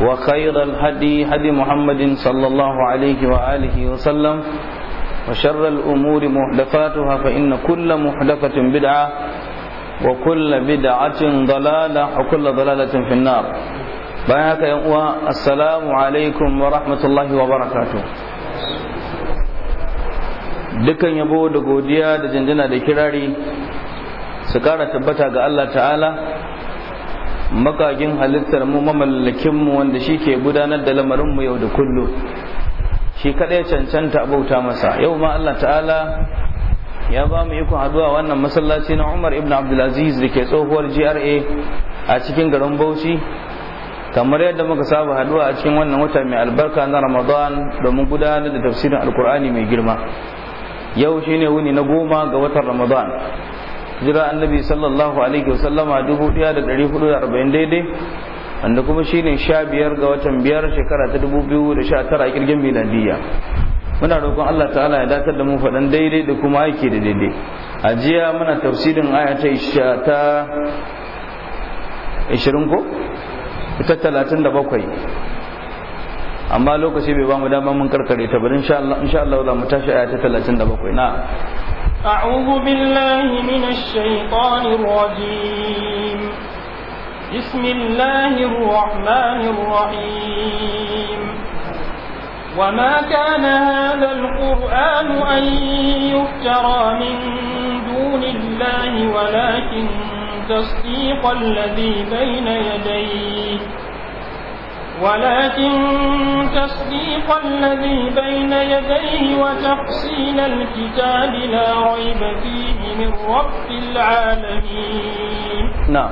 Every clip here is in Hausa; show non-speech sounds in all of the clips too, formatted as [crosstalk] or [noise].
وخير الهدي هدي محمد صلى الله عليه وآله وسلم وشر الأمور محدثاتها فإن كل محدثة بدعة وكل بدعة ضلالة وكل ضلالة في النار بياك يا السلام عليكم ورحمة الله وبركاته dukan yabo da godiya da jinjina da kirari su kara tabbata ga Allah ta'ala magagin halittar mu mamallakin mu wanda shi ke gudanar da lamarin mu yau da kullum shi kadai cancanta abauta masa yau ma Allah ta'ala ya ba mu ikon haduwa wannan masallaci na Umar ibn Abdulaziz da ke tsohuwar GRA a cikin garin Bauchi kamar yadda muka saba haduwa a cikin wannan wata mai albarka na Ramadan domin gudanar da tafsirin Alkur'ani mai girma yau shine wuni na goma ga watan Ramadan jira annabi sallallahu alaihi wasallama 1440 daidai wanda kuma shine sha biyar ga watan biyar shekara ta 2019 a kirgin miladiyya muna roƙon Allah ta'ala ya datar da mu faɗan daidai da kuma aiki da daidai a jiya muna tafsirin aya ta 20 ko ta 37 amma lokaci bai ba mu dama mun karkare ta bari insha Allah insha Allah za mu tashi aya ta 37 na أعوذ بالله من الشيطان الرجيم بسم الله الرحمن الرحيم وما كان هذا القرآن أن يفترى من دون الله ولكن تصديق الذي بين يديه ولكن تصديق الذي بين يديه وتفصيل الكتاب لا ريب فيه من رب العالمين نعم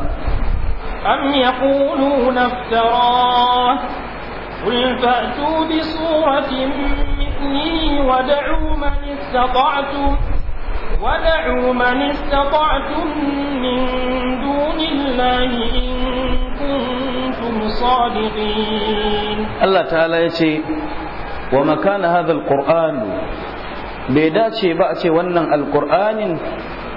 أم يقولون افتراه قل فأتوا بصورة مثله ودعوا من استطعتم ودعوا من استطعتم من دون الله إن Allah ta'ala ya ce wa makana hadha alquran bai dace ba a ce wannan alqur'anin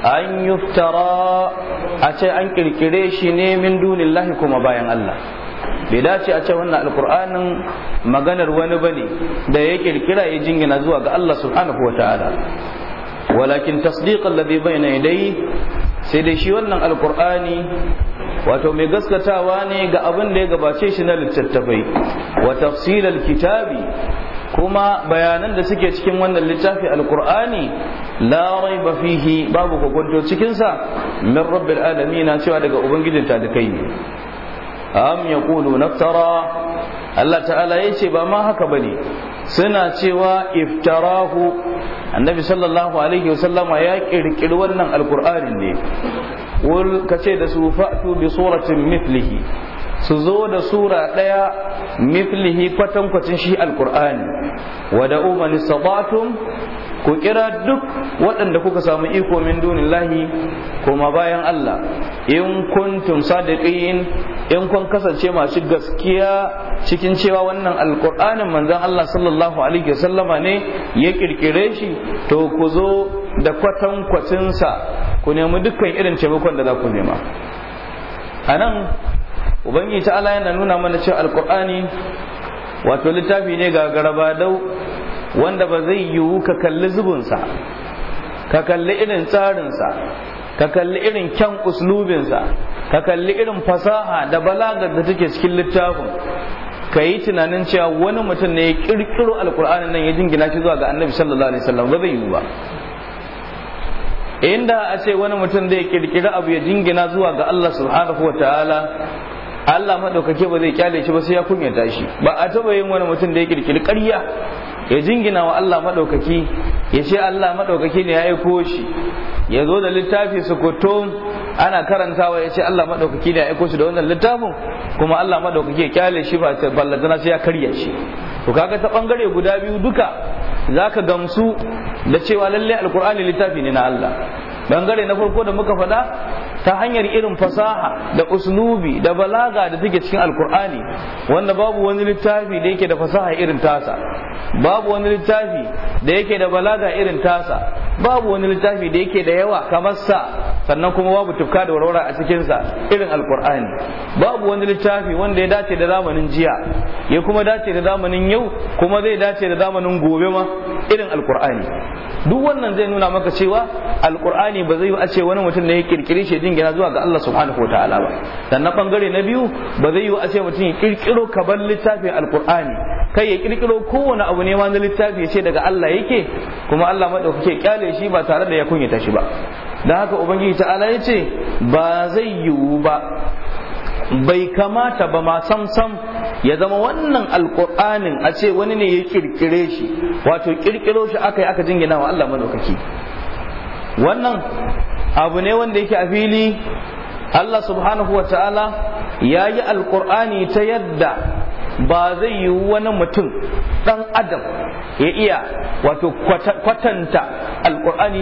an yuftara a ce an kirkire shi ne min lahi kuma bayan Allah bai dace a ce wannan alqur'anin maganar wani bane da ya kirkira ya jingina zuwa ga Allah subhanahu wataala walakin tasdiqan ladhi bayna yadayhi sai dai shi wannan alqur'ani wato mai gaskatawa ne ga abin da ya gabace shi na littattafai wa tafsilal kitabi kuma bayanan da suke cikin wannan littafi alkur'ani la raiba fihi babu kokonto cikin sa min rabbil alamin cewa daga ubangijin talikai ne am yaqulu naftara Allah ta'ala ya ce ba ma haka bane suna cewa iftarahu annabi sallallahu alaihi wasallama ya kirkiri wannan alkur'ani ne wul ka ce da su fa'tu bi suratin mithlihi su zo da sura ɗaya mithlihi kwatankwacin shi alkur'ani wa da sabatun ku kira duk waɗanda kuka samu iko min dunillahi kuma bayan Allah in kuntum sadiqin in kun kasance masu gaskiya cikin cewa wannan alqur'anin manzon Allah sallallahu alaihi wasallama ne ya kirkire shi to ku zo da kwatankwacinsa ku nemi dukkan irin taimakon da za ku nema anan ubangiji allah yana nuna mana cewa alqur'ani wato littafi ne ga garabadau wanda ba zai yiwu ka kalli zubinsa ka kalli irin tsarinsa ka kalli irin kyan uslubinsa ka kalli irin fasaha da balagar da take cikin littafin ka yi tunanin cewa wani mutum ne ya kirkiro alkur'anin nan ya jingina shi zuwa ga annabi sallallahu alaihi wasallam ba zai yiwu ba inda a ce wani mutum da ya kirkiri abu ya jingina zuwa ga Allah subhanahu wa ta'ala Allah madaukake ba zai kyale shi ba sai ya kunyata shi ba a taba yin wani mutum da ya kirkiri ƙarya ya jingina wa Allah maɗaukaki ya ce Allah maɗaukaki ne ya aiko shi ya zo da littafi sukuto ana karantawa ya ce Allah maɗaukaki ne ya aiko shi da wannan littafin kuma Allah maɗaukaki ya kyale shi ba ta ballantana sai ya karya shi to kaga ta bangare guda biyu duka zaka gamsu da cewa lalle alkur'ani littafi ne na Allah bangare na farko da muka faɗa ta hanyar irin fasaha da uslubi da balaga da take cikin alkur'ani wanda babu wani littafi da yake da fasaha irin tasa babu wani littafi da yake da balaga irin tasa babu wani littafi da yake da yawa kamar sa sannan kuma babu tufka da warwara a cikinsa irin alkur'ani babu wani littafi wanda ya dace da zamanin jiya ya kuma dace da zamanin yau kuma zai dace da zamanin gobe ma irin alkur'ani duk wannan zai nuna maka cewa alkur'ani ba zai a ce wani mutum ne ya kirkire shi jingina zuwa ga Allah subhanahu wa ta'ala ba Dan na bangare na biyu ba zai yi a mutum ya kirkiro kabar littafin alkur'ani kai ya kirkiro kowane abu ne wani littafi ya ce daga Allah yake kuma Allah ma madaukake kyale shi ba tare da ya kunyata shi ba dan haka ubangiji ta'ala ya ce ba zai yiwu ba bai kamata ba ma sam sam ya zama wannan alkur'anin a ce wani ne ya kirkire shi wato kirkiro shi aka yi aka jingina wa Allah madaukaki wannan abu ne wanda yake a fili Allah subhanahu wa ta'ala ya yi alkur'ani ta yadda ba zai yi wani mutum ɗan adam ya iya wato kwatanta alkur'ani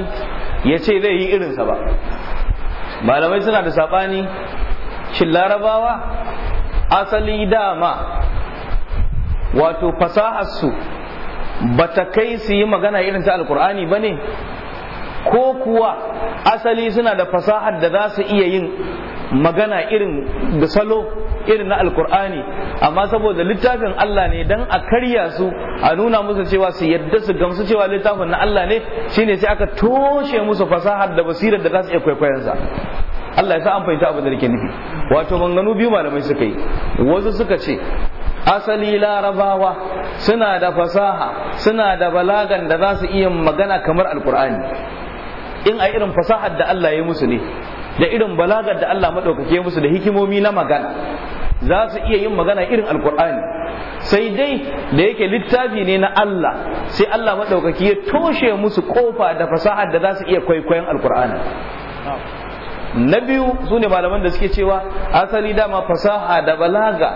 ya ce zai yi irinsa ba malamai suna da saɓani shin larabawa asali dama wato fasaharsu ba ta kai su yi magana irin ta alkur'ani ba ne ko kuwa asali suna da fasahar da za su iya yin magana irin da salo irin na alkur'ani amma saboda littafin Allah ne dan a karya su a nuna musu cewa su yadda su gamsu cewa littafin na Allah ne shine sai aka toshe musu fasahar da basirar da za su iya kwaikwayon Allah ya sa an fahimta abin da nake nufi wato manganu biyu malamai suka yi wasu suka ce asali larabawa suna da fasaha suna da balagan da za su iya magana kamar alkur'ani in a irin fasahar da Allah ya musu ne da irin balagar da Allah maɗaukake musu da hikimomi na magana za su iya yin magana irin alkur'ani sai dai da yake littafi ne na Allah sai Allah maɗaukaki ya toshe musu kofa da fasahar da za su iya kwaikwayon alkur'ani na biyu su ne malaman da suke cewa asali dama fasaha da balaga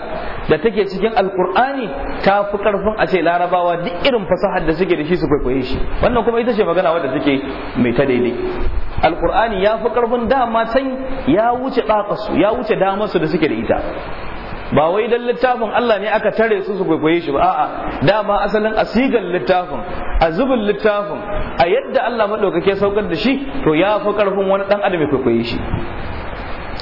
da take cikin alkur'ani ta fi karfin a ce larabawa duk irin fasahar da suke da shi su kwaikwaye shi wannan kuma ita ce magana wadda take mai ta daidai alkur'ani ya fi karfin dama can ya wuce ɗakasu ya wuce damarsu da suke da ita ba wai dan littafin Allah ne aka tare su su kwaikwaye shi ba a'a dama asalin asigan littafin a zubin littafin a yadda Allah madaukake saukar da shi to ya fi karfin wani dan adam ya kwaikwaye shi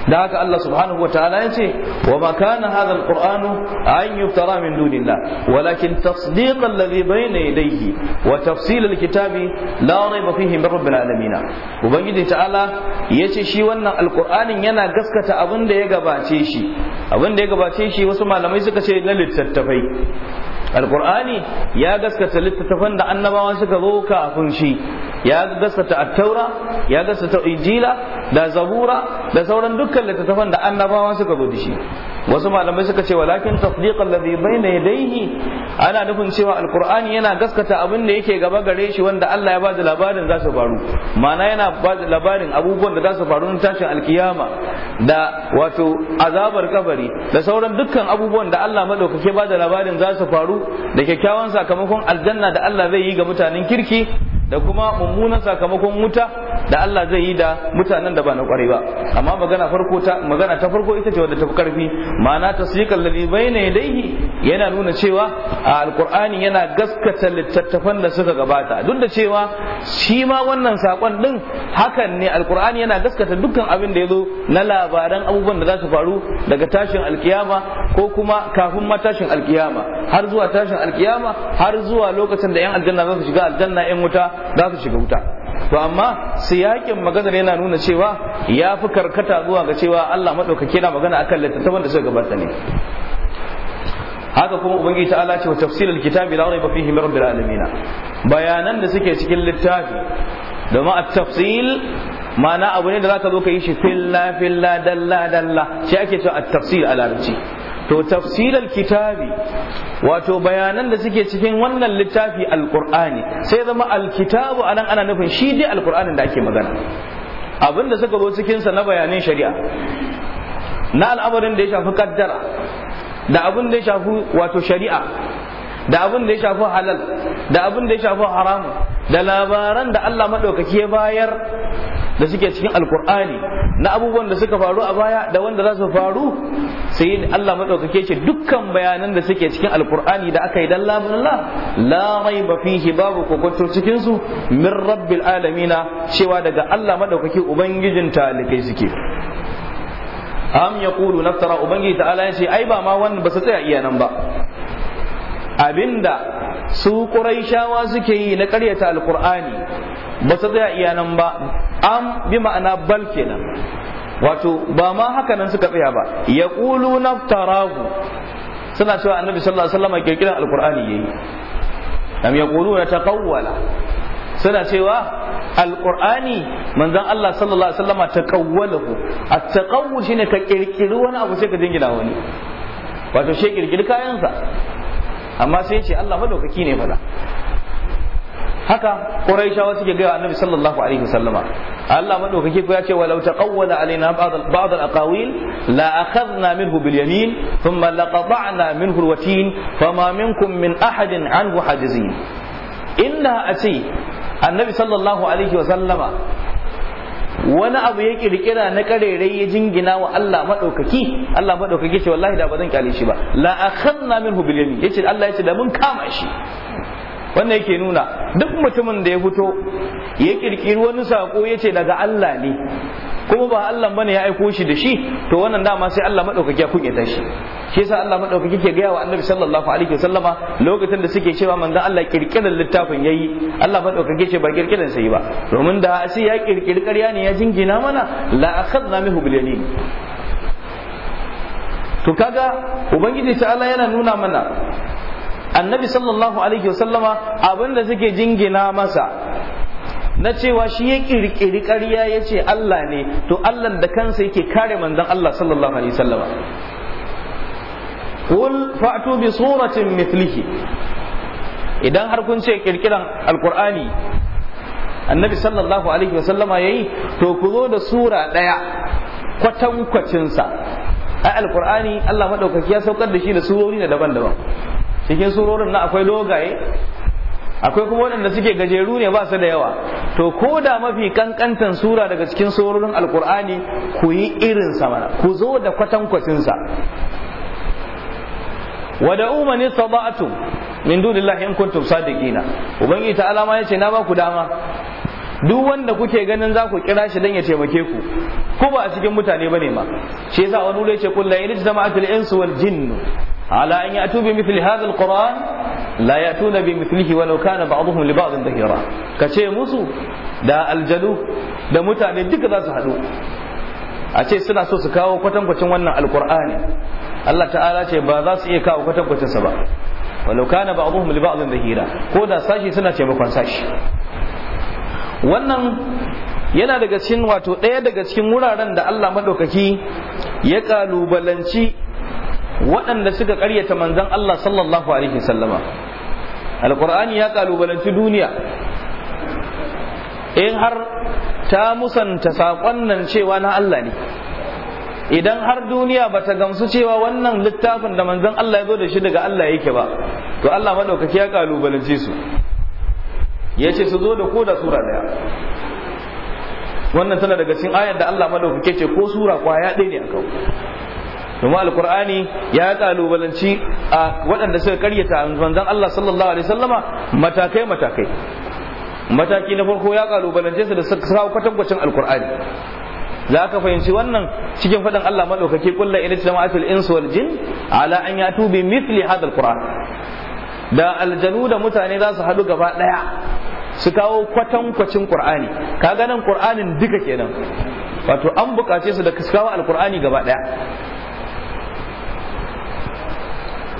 da haka Allah subhanahu wa ta'ala ya ce wa ma kana hadha alquran an yuftara min dunillah walakin tasdiq alladhi bayna yadayhi wa tafsil alkitabi la rayba fihi min rabbil alamin ubangiji ta'ala yace shi wannan alqur'anin yana gaskata abin da ya gabace shi abin da ya gabace shi wasu malamai suka ce na littattafai alqur'ani ya gaskata littattafan da annabawa suka zo kafin shi ya gaskata at-taura ya gaskata injila da zabura da sauran dukkan wancan littattafan da annabawa suka zo da shi wasu malamai suka ce walakin tasdiq alladhi bayna yadayhi ana nufin cewa alqur'ani yana gaskata abin da yake gaba gare shi wanda Allah ya bada labarin za su faru ma'ana yana bada labarin abubuwan da za su faru na tashin alkiyama da wato azabar kabari da sauran dukkan abubuwan da Allah madaukake da labarin za su faru da kyakkyawan sakamakon aljanna da Allah zai yi ga mutanen kirki da kuma mummunan sakamakon wuta da Allah zai yi da mutanen da ba na kwarai ba amma magana farko ta magana ta farko ita ce wadda ta fi karfi ma'ana tasdiqal ladhi bayna yadayhi yana nuna cewa a alqur'ani yana gaskata littattafan da suka gabata duk da cewa shi ma wannan sakon din hakan ne alqur'ani yana gaskata dukkan abin da yazo na labaran abubuwan da za su faru daga tashin alkiyama ko kuma kafin ma tashin alkiyama har zuwa tashin alkiyama har zuwa lokacin da yan aljanna za su shiga aljanna yan wuta za su shiga wuta to amma siyakin maganar yana nuna cewa ya fi karkata zuwa ga cewa Allah maɗaukaki na magana akan littattafan da suka gabata ne haka kuma ubangiji ta'ala ce wa tafsilul kitabi la raiba fihi min rabbil alamin bayanan da suke cikin littafi domin at-tafsil ma'ana abu ne da zaka zo ka yi shi filla filla dalla dalla shi ake cewa at-tafsil a larabci to tafsilal kitabi wato bayanan da suke cikin wannan littafi alqur'ani sai zama alkitabu anan ana nufin shi dai alqur'anin da ake magana abin da suka zo cikin sa na bayanin shari'a na al'amarin da ya shafi kaddara da abin da ya shafi wato shari'a da abin da ya shafi halal da abin da ya shafi haram da labaran da Allah maɗaukaki ya bayar da suke cikin alkur'ani na abubuwan da suka faru a baya da wanda za su faru sai Allah maɗaukake ce dukkan bayanan da suke cikin alkur'ani da aka yi dan labullah la raiba fihi babu kokonto cikin su min rabbil alamina cewa daga Allah maɗaukaki ubangijin talikai suke am yaqulu naftara ubangiji ta'ala ya ce ai ba ma wannan ba su tsaya iya nan ba abinda su shawa suke yi na ƙaryata alƙur'ani ba su tsaya iya nan ba an bi ma'ana bal kenan wato ba ma haka nan suka tsaya ba ya ƙulu taragu suna cewa annabi sallallahu alaihi wasallam kirkiran alƙur'ani yi. am na taƙawwala suna cewa alqur'ani manzon Allah sallallahu alaihi wasallam taqawwalahu at-taqawwul shine ka kirkiri wani abu sai ka dingina wani wato shi kirkiri kayansa amma sai ce Allah madaukaki ne fada haka quraishawa suke gaya annabi sallallahu alaihi wasallama Allah madaukaki ko ya ce walau taqawwala alaina ba'd al-aqawil la akhadna minhu bil yamin thumma laqata'na minhu al-watin fama minkum min ahadin anhu hajizin inda a ce annabi sallallahu alaihi wasallama wani abu ya kirkira na karerai ya jingina wa Allah maɗaukaki, Allah madaukaki ce wallahi da ba zan kyale shi ba la akhadna minhu bil yamin yace Allah yace da mun kama shi wannan yake nuna duk mutumin da ya fito ya kirkiri wani sako ya ce daga Allah ne kuma ba Allah bane ya aiko shi da shi to wannan dama sai Allah madaukaki ya kunyata shi shi yasa Allah madaukaki ke gaya wa Annabi sallallahu alaihi wasallama lokacin da suke cewa manzo Allah kirkiran littafin yayi Allah madaukaki ce ba kirkirar sai ba domin da sai ya kirkiri ƙarya ne ya jingina mana la akhadna minhu bil yamin to kaga ubangiji ta Allah yana nuna mana annabi sallallahu alaihi wasallama da suke jingina masa na cewa shi ya kirkiri ƙarya ya ce Allah ne to Allah da kansa yake kare manzon Allah sallallahu alaihi wasallama qul fa'tu bi suratin mithlihi idan har kun ce kirkiran alqur'ani annabi sallallahu alaihi wasallama yayi to ku zo da sura daya kwatankwacinsa a alqur'ani Allah madaukaki ya saukar da shi da surori daban-daban cikin surorin na akwai dogaye akwai kuma waɗanda suke gajeru ne ba su da yawa to ko da mafi kankantan sura daga cikin surorin alkur'ani ku yi irin sa ku zo da kwatankwacin sa wa da'u man istata'tum min dunillahi in kuntum sadiqina ubangi ta alama yace na ba ku dama duk wanda kuke ganin za ku kira shi dan ya taimake ku ku ba a cikin mutane bane ma shi yasa wani wuri ce kullu in jama'atul insu wal jinn ala an ya'tu bi mithli hadha al qur'an la ya'tuna bi mithlihi walau kana ba'dhum li ba'dhin dhahira ce musu da aljalu da mutane duka za su haɗu a ce suna so su kawo kwatankwacin wannan alkur'ani Allah ta'ala ce ba za su iya kawo kwatankwacinsa ba Wa walau kana ba'dhum li ba'dhin dhahira ko da sashi suna taimakon sashi wannan yana daga cikin wato ɗaya daga cikin wuraren da Allah maɗaukaki ya ƙalubalanci waɗanda suka ƙaryata manzan Allah sallallahu alaihi sallama alƙur'ani ya ƙalubalanci duniya in har ta musanta saƙon nan cewa na Allah ne idan har duniya ba ta gamsu cewa wannan littafin da manzon Allah ya zo da shi daga Allah yake ba to Allah madaukaki ya ƙalubalance su ya ce su zo da ko da sura daya wannan tana daga cikin ayar da Allah madaukake ce ko sura kwaya ɗaya ne akan domin alkur'ani ya kalubalanci a waɗanda suka karyata manzon Allah sallallahu alaihi wasallama matakai matakai mataki na farko ya kalubalance su da kawo kwatankwacin alkur'ani za ka fahimci wannan cikin faɗin Allah maɗaukaki kulla ila jama'atul insu wal jin ala an yatu bi mithli hadha alquran da aljanu da mutane za su haɗu gaba ɗaya su kawo kwatankwacin qur'ani Ka nan qur'anin duka kenan wato an bukace su da su kawo alqur'ani gaba daya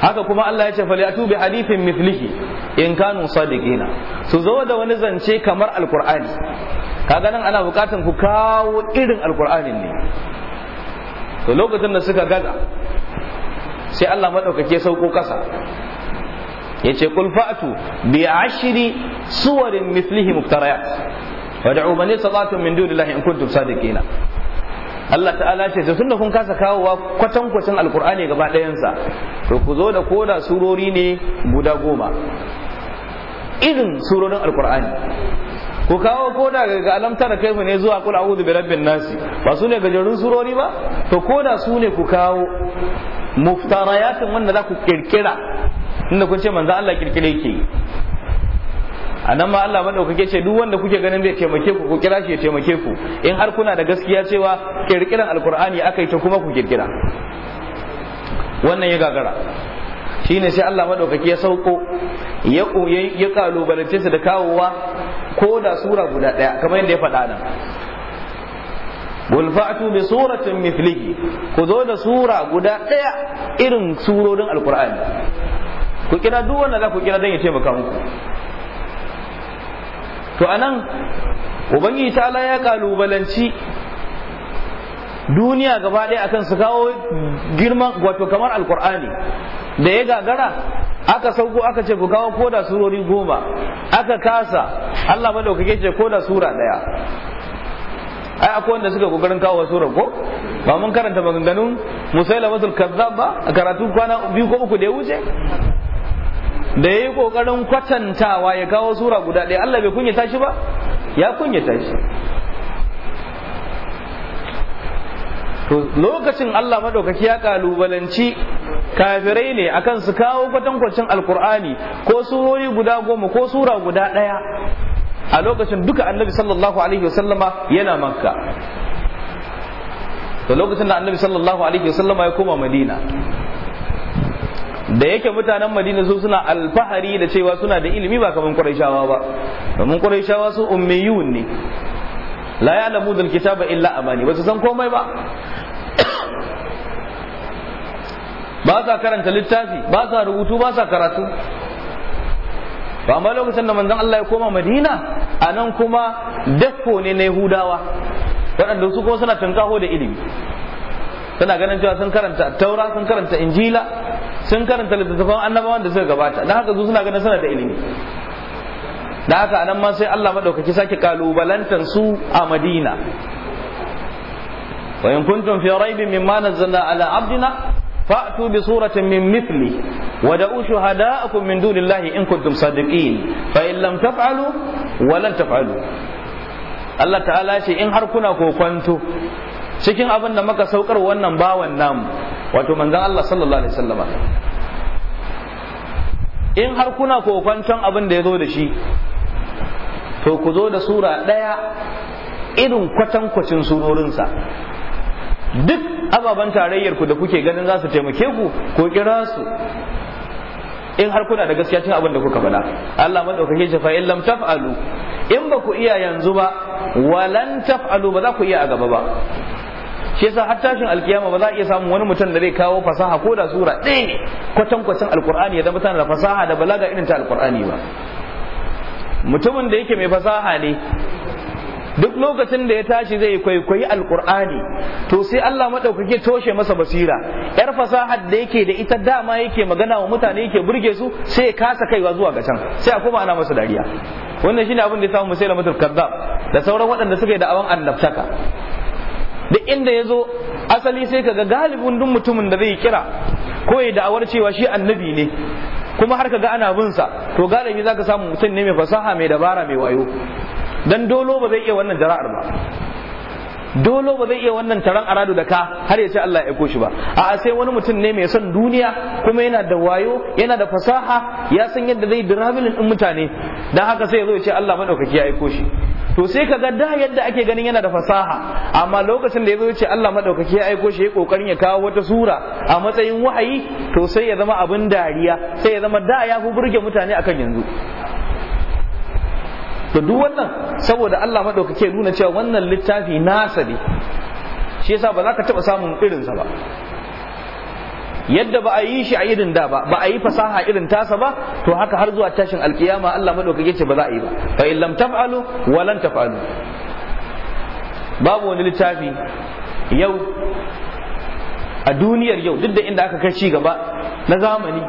haka kuma Allah ya ce falyatu bi hadithin mithlihi in kanu sadiqina su zo da wani zance kamar alqur'ani Ka nan ana bukatan ku kawo irin alqur'anin ne to lokacin da suka gaza sai Allah madaukake sauko kasa yace qul fa'tu bi ashri suwarin mithlihi muftariyat da'u man istata'tum min dunillahi in kuntum sadiqin Allah ta'ala ce to tunda kun kasa kawo wa kwatan kwatan alqur'ani gaba ɗayansa to ku zo da koda surori ne guda goma irin surorin alqur'ani ku kawo koda ga alamta da kai ne zuwa kul a'udhu bi rabbin nasi ba su ne gajerun surori ba to koda su ne ku kawo muftarayatin wanda za ku kirkira tunda kun ce manzo Allah kirkire yake a nan ma Allah madaukake ce duk wanda kuke ganin zai taimake ku ku kira shi ya taimake ku in har kuna da gaskiya cewa kirkiran alkur'ani aka yi ta kuma ku kirkira wannan ya gagara ne sai Allah madaukake ya sauko ya ya kalubalance su da kawowa ko da sura guda daya kamar yadda ya faɗa nan Gulfatu bi suratun mithlihi ku zo da sura guda daya irin surorin alkur'ani ku kira duk wanda za ku kira don ya taimaka muku to anan ubangiji ta'ala ya kalubalanci duniya gaba ɗaya akan su kawo girman wato kamar alkur'ani da ya gagara aka sauko aka ce ku kawo koda surori goma aka kasa Allah madaukake ce da sura ɗaya ai akwai wanda suka kokarin kawo surar ko ba mun karanta maganganun musaila kazzab ba a karatu kwana biyu ko uku da ya wuce da yayi kokarin kwatantawa ya kawo sura guda ɗaya Allah bai kunyata shi ba ya kunyata shi to lokacin Allah madaukaki ya kalubalanci kafirai ne akan su kawo kwatankwacin alkur'ani ko surori guda goma ko sura guda ɗaya a lokacin duka annabi sallallahu alaihi wasallama yana makka to lokacin da annabi sallallahu alaihi wasallama ya koma madina da yake mutanen madina su suna alfahari da cewa suna da ilimi ba kamar quraishawa ba domin quraishawa su ummiyun ne la ya'lamu dal kitaba illa amani ba su san komai ba [coughs] ba sa karanta littafi ba sa rubutu ba sa karatu Ba amma lokacin da manzon Allah ya koma Madina anan kuma dafko ne na Yahudawa waɗanda su kuma suna tunkaho da ilimi suna ganin cewa sun karanta taura sun karanta injila sun karanta littattafan annabawan da suka gabata dan haka su suna ganin suna da ilimi da haka anan ma sai Allah madaukaki sake kalubalantan su a Madina wa in kuntum fi raibin mimma nazzalna ala abdina فأتوا بصورة من مثله ودعوا شهداءكم من دون الله إن كنتم صادقين فإن لم تفعلوا ولن تفعلوا Allah ta'ala ce in har kuna kokwanto cikin abin da muka saukar wannan bawan namu wato manzan Allah sallallahu alaihi wasallama in har kuna kokwanton abin da ya zo da shi to ku zo da sura ɗaya irin kwatankwacin surorinsa duk ababen tarayyar ku da kuke ganin za su taimake ku ko kira su in har kuna da gaskiya cin abin da kuka faɗa Allah madaukake shi fa in taf'alu in ba ku iya yanzu ba walan taf'alu ba za ku iya a gaba ba shi yasa har tashin alkiyama ba za a iya samun wani mutum da zai kawo fasaha ko da sura ɗaya ne kwatan kwatan alkur'ani ya zama tana da fasaha da balaga irin ta alkur'ani ba mutumin da yake mai fasaha ne duk lokacin da ya tashi zai kwaikwayi alkur'ani to sai Allah maɗaukaki toshe masa basira yar fasahar da yake da ita dama yake magana wa mutane yake burge su sai ya kasa kaiwa zuwa ga can sai a koma ana masa dariya wannan shine abin da ya samu musailamatul kazzab da sauran waɗanda suka yi da'awan annabtaka Da inda ya zo asali sai kaga galibin duk mutumin da zai kira ko ya da'awar cewa shi annabi ne kuma har kaga ana bin sa to galibi zaka samu mutum ne mai fasaha mai dabara mai wayo dan dolo ba zai iya wannan jara'ar ba dolo ba zai iya wannan taron aradu da ka har ya ce Allah ya koshi shi ba a'a sai wani mutum ne mai son duniya kuma yana da wayo yana da fasaha ya san yadda zai dirabilin din mutane dan haka sai ya zo ya ce Allah madaukaki ya aiko shi to sai ka ga da yadda ake ganin yana da fasaha amma lokacin da ya zo ce Allah madaukaki ya aiko shi ya kokarin ya kawo wata sura a matsayin wahayi to sai ya zama abin dariya sai ya zama da ya fi burge mutane akan yanzu to duk wannan saboda Allah madaukaki ya nuna cewa wannan littafi nasa ne shi yasa ba za ka taba samun irinsa ba yadda ba a yi shi a irin da ba ba a yi fasaha irin tasa ba to haka har zuwa tashin alkiyama Allah madaukake ce ba za a yi ba fa in lam taf'alu wa lan taf'alu babu wani littafi yau a duniyar yau duk da inda aka kai ci gaba na zamani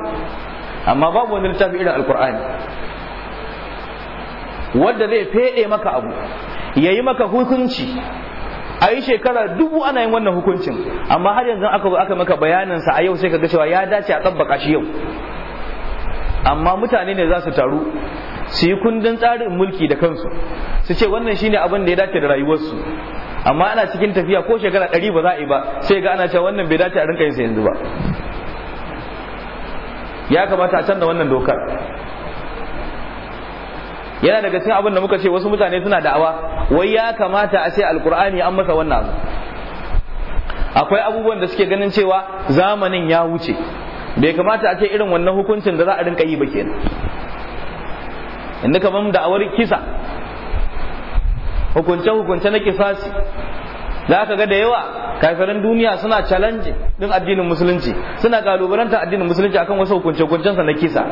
amma babu wani littafi irin alkur'ani wadda zai fede maka abu ya yi maka hukunci a yi shekara dubu ana yin wannan hukuncin amma har yanzu aka aka maka bayanin sa a yau sai ka ga cewa ya dace a tabbaka shi yau amma mutane ne za su taru su yi kundin tsarin mulki da kansu su ce wannan shine abin da ya dace da rayuwarsu amma ana cikin tafiya ko shekara ɗari ba za a yi ba sai ga ana cewa wannan bai dace a rinka yin sa yanzu ba ya kamata a canza wannan dokar yana daga cikin abin da muka ce wasu mutane suna da'awa wai ya kamata a ce alkur'ani an masa wannan akwai abubuwan da suke ganin cewa zamanin ya wuce bai kamata a ce irin wannan hukuncin da za a rinka yi ba kenan inda kamar da'awar kisa hukunce hukunce na kisasi za ka ga da yawa kafirin duniya suna challenge din addinin musulunci suna kalubalanta addinin musulunci akan wasu hukunce hukuncensa na kisa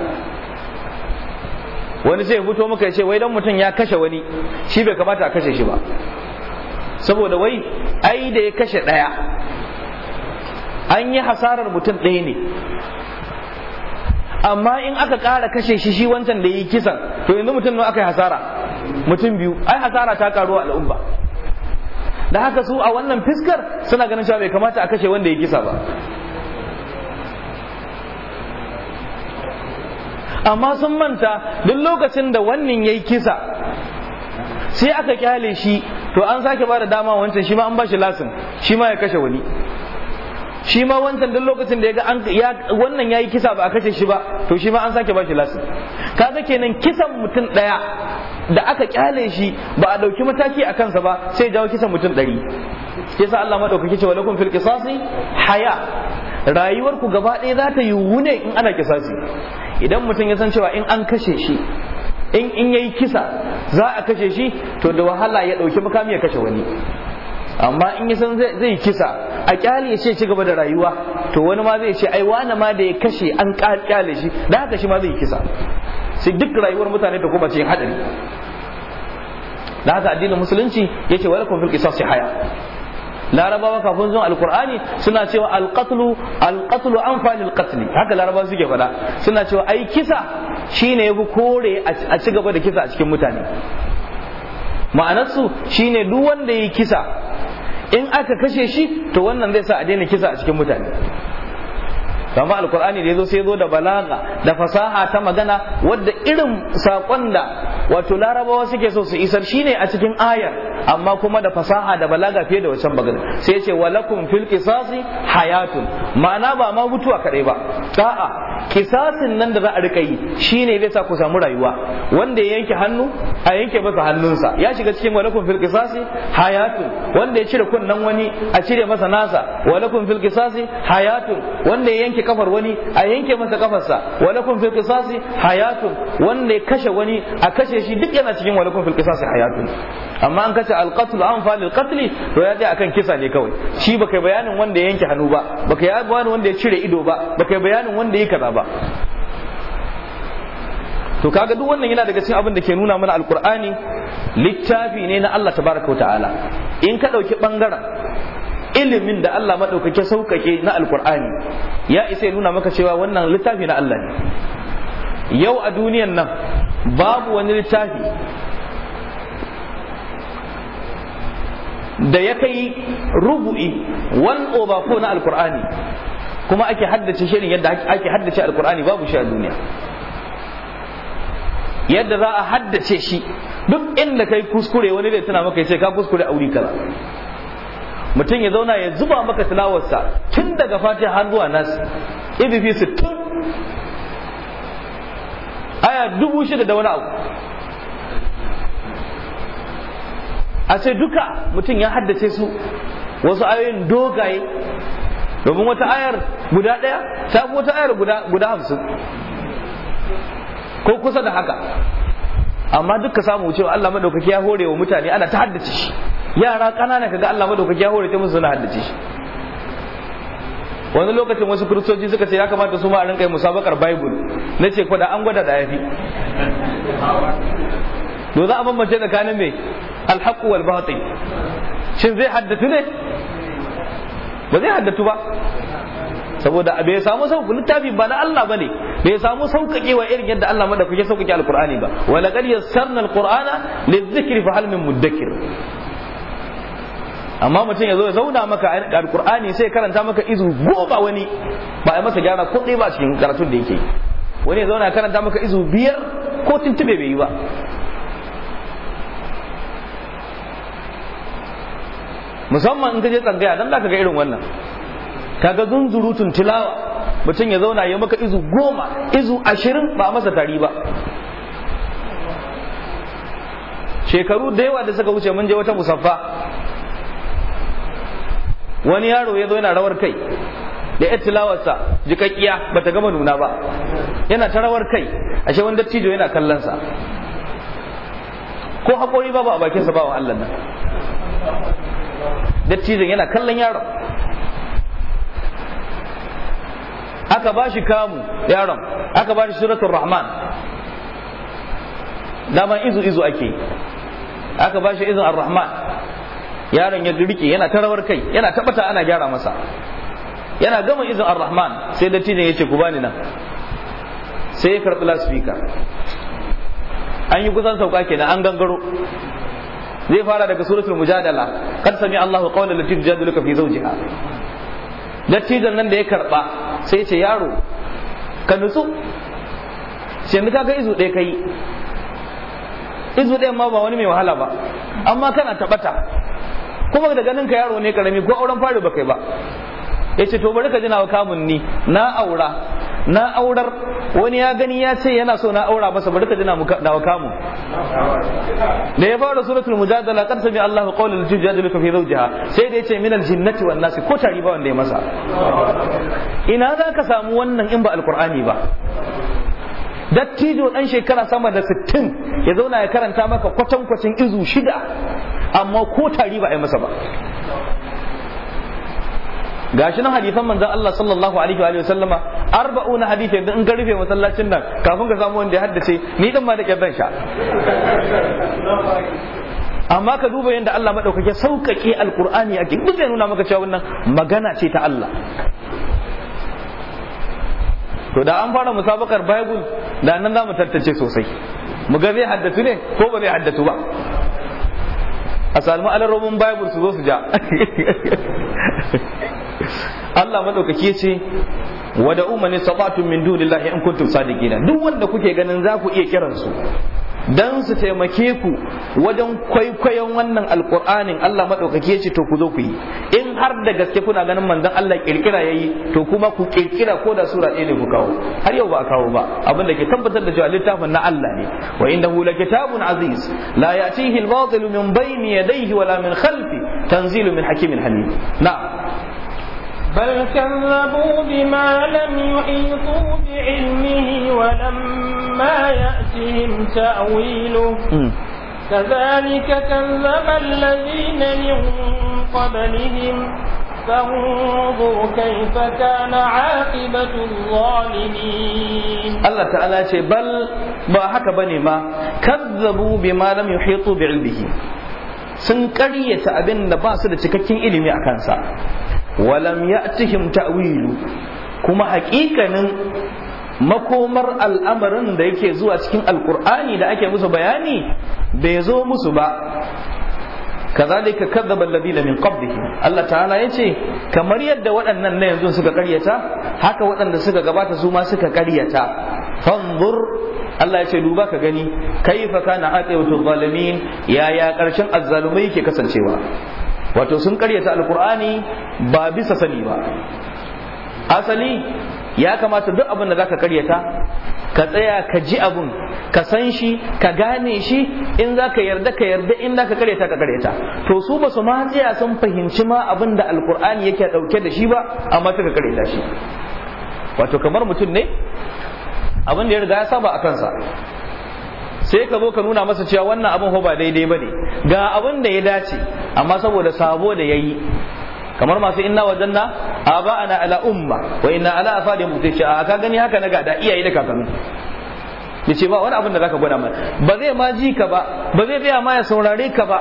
wani sai fito muka ce wai dan mutum ya kashe wani shi bai kamata a kashe shi ba saboda wai ai da ya kashe ɗaya an yi hasarar mutum ɗaya ne amma in aka ƙara kashe shi shi wancan da yi kisan to yanzu mutum nawa aka yi hasara mutum biyu ai hasara ta karu al'umma da haka su a wannan fiskar suna ganin cewa bai kamata a kashe wanda ya kisa ba amma sun manta duk lokacin da wannan yayi kisa sai aka kyale shi to an sake ba da dama wancan shi ma an bashi lasin shi ma ya kashe wani shi ma wancan duk lokacin da ya ga wannan ya yi kisa ba a kashe shi ba to shi ma an sake bashi lasin kaga kenan kisan mutum daya da aka kyale shi ba a ɗauki mataki a kansa ba sai jawo kisan mutum ɗari kisa Allah maɗaukaki ce wa lakum fil qisasi haya rayuwar ku gaba ɗaya za ta yi wune in ana kisasi idan mutum ya san cewa in an kashe shi in in yayi kisa za a kashe shi to da wahala ya ɗauki makami ya kashe wani amma in ya san zai kisa a kyale ce ci gaba da rayuwa to wani ma zai ce ai wani ma da ya kashe an kyale shi da haka shi ma zai kisa sai duk rayuwar mutane ta kuma ce hadari da haka addinin musulunci wa lakum fil qisas haya larabawa kafin zuwa alkur'ani suna cewa alqatlu amfanin anfalil haka larabawa suke faɗa suna cewa ai kisa shine yafi kore a ci gaba da kisa a cikin mutane ma'anarsu shine duk wanda yi kisa in aka kashe shi to wannan zai sa a daina kisa a cikin mutane kama alkur'ani da ya zo sai zo da balaga da fasaha ta magana wadda irin saƙon da wato larabawa suke so su isar shine a cikin ayar amma kuma da fasaha da balaga fiye da wancan magana sai ya ce walakum fil qisasi hayatun ma'ana ba ma mutuwa kadai ba da'a kisasin nan da za a rika yi shine zai sa ku samu rayuwa wanda ya yanke hannu a yanke masa hannunsa ya shiga cikin walakum fil qisasi hayatun wanda ya cire kunnen wani a cire masa nasa walakum fil qisasi hayatun wanda ya yanke kafar wani a yanke masa kafarsa walakum fil qisasi hayatun wanda ya kashe wani a kashe shi duk yana cikin walakum fil qisasi hayatun amma an kace al qatl an fa lil qatl to ya je akan kisa ne kawai shi baka bayanin wanda ya yanke hannu ba baka bayanin wanda ya cire ido ba baka bayanin wanda ya kaza yara ba to kaga duk wannan yana daga cikin abin da ke nuna mana alkur'ani littafi ne na Allah tabaraka ta'ala in ka ɗauki bangaren ilimin da Allah maɗaukake saukake na alkur'ani ya isa ya nuna maka cewa wannan littafi na Allah ne yau a duniyan nan babu wani littafi da ya kai rubu'i 1 over 4 na alkur'ani kuma ake haddace shirin yadda ake haddace alkur'ani babu shi a duniya yadda za a haddace shi duk inda kai kuskure wani zai tana maka sai ka kuskure a wuri kaza mutum ya zauna ya zuba maka tilawarsa tun daga fatiha har zuwa nas ibi fi sittin aya dubu shida da wani abu a sai duka mutum ya haddace su wasu ayoyin dogaye domin wata ayar guda ɗaya ta fi wata ayar guda hamsin ko kusa da haka amma duk ka samu cewa Allah madaukaki ya hore wa mutane ana ta haddace shi yara ƙanana kaga Allah madaukaki ya hore ta musu suna haddace shi wani lokacin wasu kiristoci suka ce ya kamata su ma a rinka yi musabakar bible na ce kwada an gwada da fi to za a bambance tsakanin mai alhaqu wal batil shin zai haddatu ne ba zai haddatu ba saboda bai samu sauƙi littafi ba na Allah ne bai samu saukakewa irin yadda Allah mada kuke sauƙaƙe alqur'ani ba wa laqad yassarna alqur'ana lidhikri fa hal min amma mutum ya zo ya zauna maka alqur'ani sai karanta maka izu goma wani ba a masa gyara kuɗi ba cikin karatun da yake wani ya zauna karanta maka izu biyar ko tuntube bai yi ba musamman in ka je tsangaya dan zaka ga irin wannan kaga zunzurutun tilawa mutum ya zauna ya maka izu goma izu ashirin ba masa tari ba shekaru da yawa da suka wuce mun je wata musaffa wani yaro ya zo yana rawar kai da yar tilawarsa jikakkiya ba ta gama nuna ba yana ta rawar kai ashe wani dattijo yana kallon sa ko haƙori babu a bakinsa wa Allah nan dattijan yana kallon yaron aka ba shi kamu yaron aka ba shi suratul rahman dama izu izu ake aka ba shi izin ar-rahman yaron ya rike yana ta rawar kai yana tabbata ana gyara masa yana gama izin ar-rahman sai dattijan ya ce ku bani nan sai ya karɓi lasfika an yi kusan sauka kenan an gangaro zai fara daga suratul mujadala kad sami Allahu qawla lati tujadiluka fi zawjiha dattijan nan da ya karba sai ce yaro ka nutsu sai yanzu ga izu ɗaya kai izu ɗaya ma ba wani mai wahala ba amma kana taɓata kuma da ganin ka yaro ne karami ko auren fari ba kai ba ya ce to bari ka jina kamun ni na aura na aurar wani ya gani ya ce yana so na aura masa bari ka ji na wa kamu da ya fara suratul mujadala kan sami Allahu qawlal jujadilu fi zawjiha sai da ce min al jinnati wan nasi ko tari ba wanda ya masa ina za ka samu wannan in ba alqur'ani ba dattijo dan shekara sama da 60 ya zauna ya karanta maka kwatankwacin izu shida amma ko tari ba a yi masa ba gashi nan hadisan manzon Allah sallallahu alaihi wa sallama arba'una hadisi idan in ka rufe masallacin nan kafin ka samu wanda ya haddace ni dan ma da kyar sha amma ka duba yadda Allah madaukake sauƙaƙe alqur'ani ake duk zai nuna maka cewa wannan magana ce ta Allah to da an fara musabakar bible da nan za mu tattace sosai mu ga zai haddatu ne ko ba zai haddatu ba a salmu alarobin bible su zo su ja [laughs] Allah madaukaki ce wa da umani sabatun min dunillahi in kuntum sadiqina duk wanda kuke ganin za ku iya kiran su dan su taimake ku wajen kwaikwayon wannan alkur'anin Allah maɗaukake ce to ku zo ku yi in har da gaske kuna ganin manzon Allah kirkira yayi to kuma ku kirkira ko da sura ɗaya ne ku kawo har yau ba a kawo ba abin da ke tabbatar da cewa littafin na Allah ne wa innahu kitabun aziz la ya'tihi al-batil min bayni yadayhi wala min khalfi tanzilu min hakimin halim na'am بل كذبوا بما لم يحيطوا بعلمه ولما يأتهم تأويله كذلك كذب الذين من قبلهم فانظر كيف كان عاقبة الظالمين الله تعالى شيء بل ما هكا بني ما كذبوا بما لم يحيطوا بعلمه sun ƙaryata abin da ba su da cikakken ilimi a kansa walam ya'tihim ta'awilu kuma hakikanin makomar al'amarin da yake zuwa cikin alkur'ani da ake musu bayani bai zo musu ba kazalika kadzaba alladhina min qablihim Allah ta'ala yace kamar yadda waɗannan na yanzu suka ƙaryata haka waɗanda suka gabata su ma suka ƙaryata fanzur Allah yace duba ka gani kaifa kana aqibatu zalimin yaya ƙarshen azzalumai yake kasancewa wato sun karyata alkur'ani ba bisa sani ba asali ya kamata duk abin da zaka karyata ka tsaya ka ji abun ka san shi ka gane shi in zaka yarda ka yarda in za ka karyata ka karyata to su ba su ma tsaya sun fahimci ma abin da alkur'ani yake dauke da shi ba amma suka karyata shi wato kamar mutum ne abin da ya riga ya saba a kansa sai ka zo ka nuna masa cewa wannan abin ho ba daidai ba ne ga abin da ya dace amma saboda sabo da ya yi kamar masu inna a aba ana ala umma wa inna ala afadi mutaci a ka gani haka na gada iyaye da kakanni ya ce ba wani abin da zaka gwada mana ba zai ma ji ka ba ba zai tsaya ma ya saurare ka ba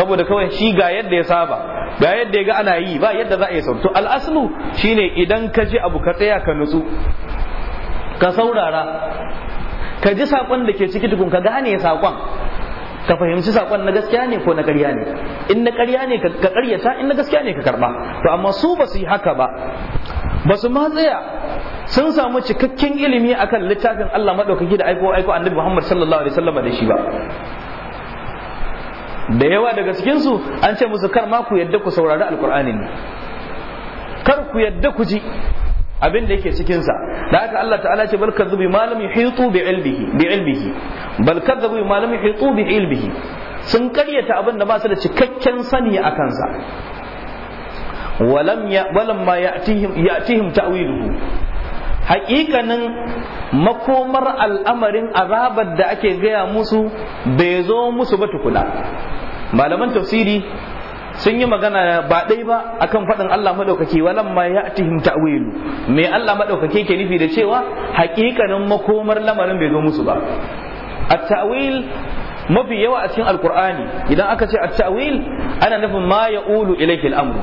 saboda kawai shi ga yadda ya saba ga yadda ya ga ana yi ba yadda za a yi sautu al'asnu shine idan ka ji abu ka tsaya ka nutsu ka saurara ka ji saƙon da ke ciki tukun ka gane saƙon ka fahimci saƙon na gaskiya ne ko na ƙarya ne in na ƙarya ne ka ƙaryata in na gaskiya ne ka karɓa to amma su ba su yi haka ba ba su ma tsaya sun samu cikakken ilimi akan littafin Allah maɗaukaki da aiko aiko annabi Muhammad sallallahu alaihi wasallam da shi ba da yawa daga cikinsu an ce musu kar ma ku yadda ku saurari alkur'ani ne kar ku yadda ku ji abin da yake cikin sa da haka Allah ta'ala ce bal kadzubi ma lam yuhitu bi ilmihi bi ilmihi bal kadzubi ma lam yuhitu bi ilmihi sun karyata abin da ba su da cikakken sani a kansa walam ya walam ma ya'tihim ya'tihim ta'wiluhu Haƙiƙanin makomar al'amarin azabar da ake gaya musu bai zo musu ba tukuna malaman tafsiri sun yi magana ba ɗai ba akan faɗin Allah maɗaukaki walan ma ya'tihim ta'wilu me Allah maɗaukaki ke nufi da cewa haƙiƙanin makomar lamarin bai zo musu ba at-ta'wil mafi yawa a cikin alqur'ani idan aka ce at-ta'wil ana nufin ma ya'ulu ilayhi al-amru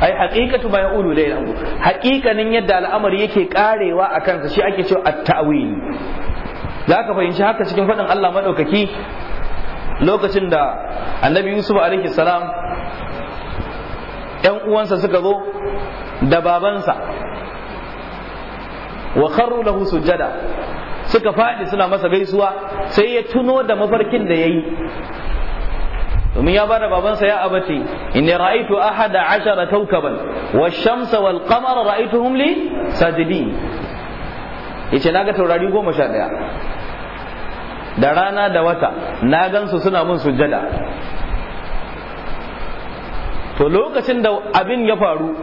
ai haqiqatu ma ya'ulu ilayhi al-amru haqiqanin yadda al'amari yake karewa a kansa shi ake cewa at-ta'wil za ka fahimci haka cikin faɗin Allah maɗaukaki lokacin da annabi yusuf alaihi salam ‘yan uwansa suka zo da babansa wa kharru lahu sujada suka faɗi suna masa gaisuwa sai ya tuno da mafarkin da ya yi domin ya bada babansa ya abati inni ra'aitu ahada ashara kawkaban wa shamsa wal-qamara ra'aituhum li sajidin yace naga taurari goma sha ɗaya da rana da wata na gansu suna mun sujada. to lokacin da abin ya faru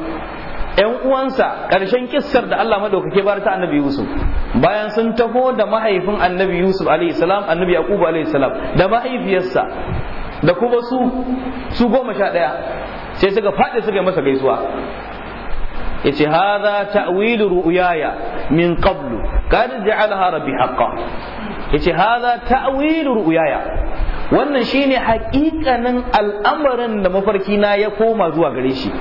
‘yan uwansa ƙarshen kissar da Allah maɗaukake bar ta annabi Yusuf bayan sun taho da mahaifin annabi Yusuf salam annabi Yakubu salam da mahaifiyarsa da kuma su su goma sha ɗaya sai suka faɗi suka masa gaisuwa yace hadha ta'wilu ru'yaya min qablu kad ja'alaha rabbi haqqan yace hadha ta'wilu uyaya wannan shine hakikanin al'amarin da mafarki na ya koma zuwa gare shi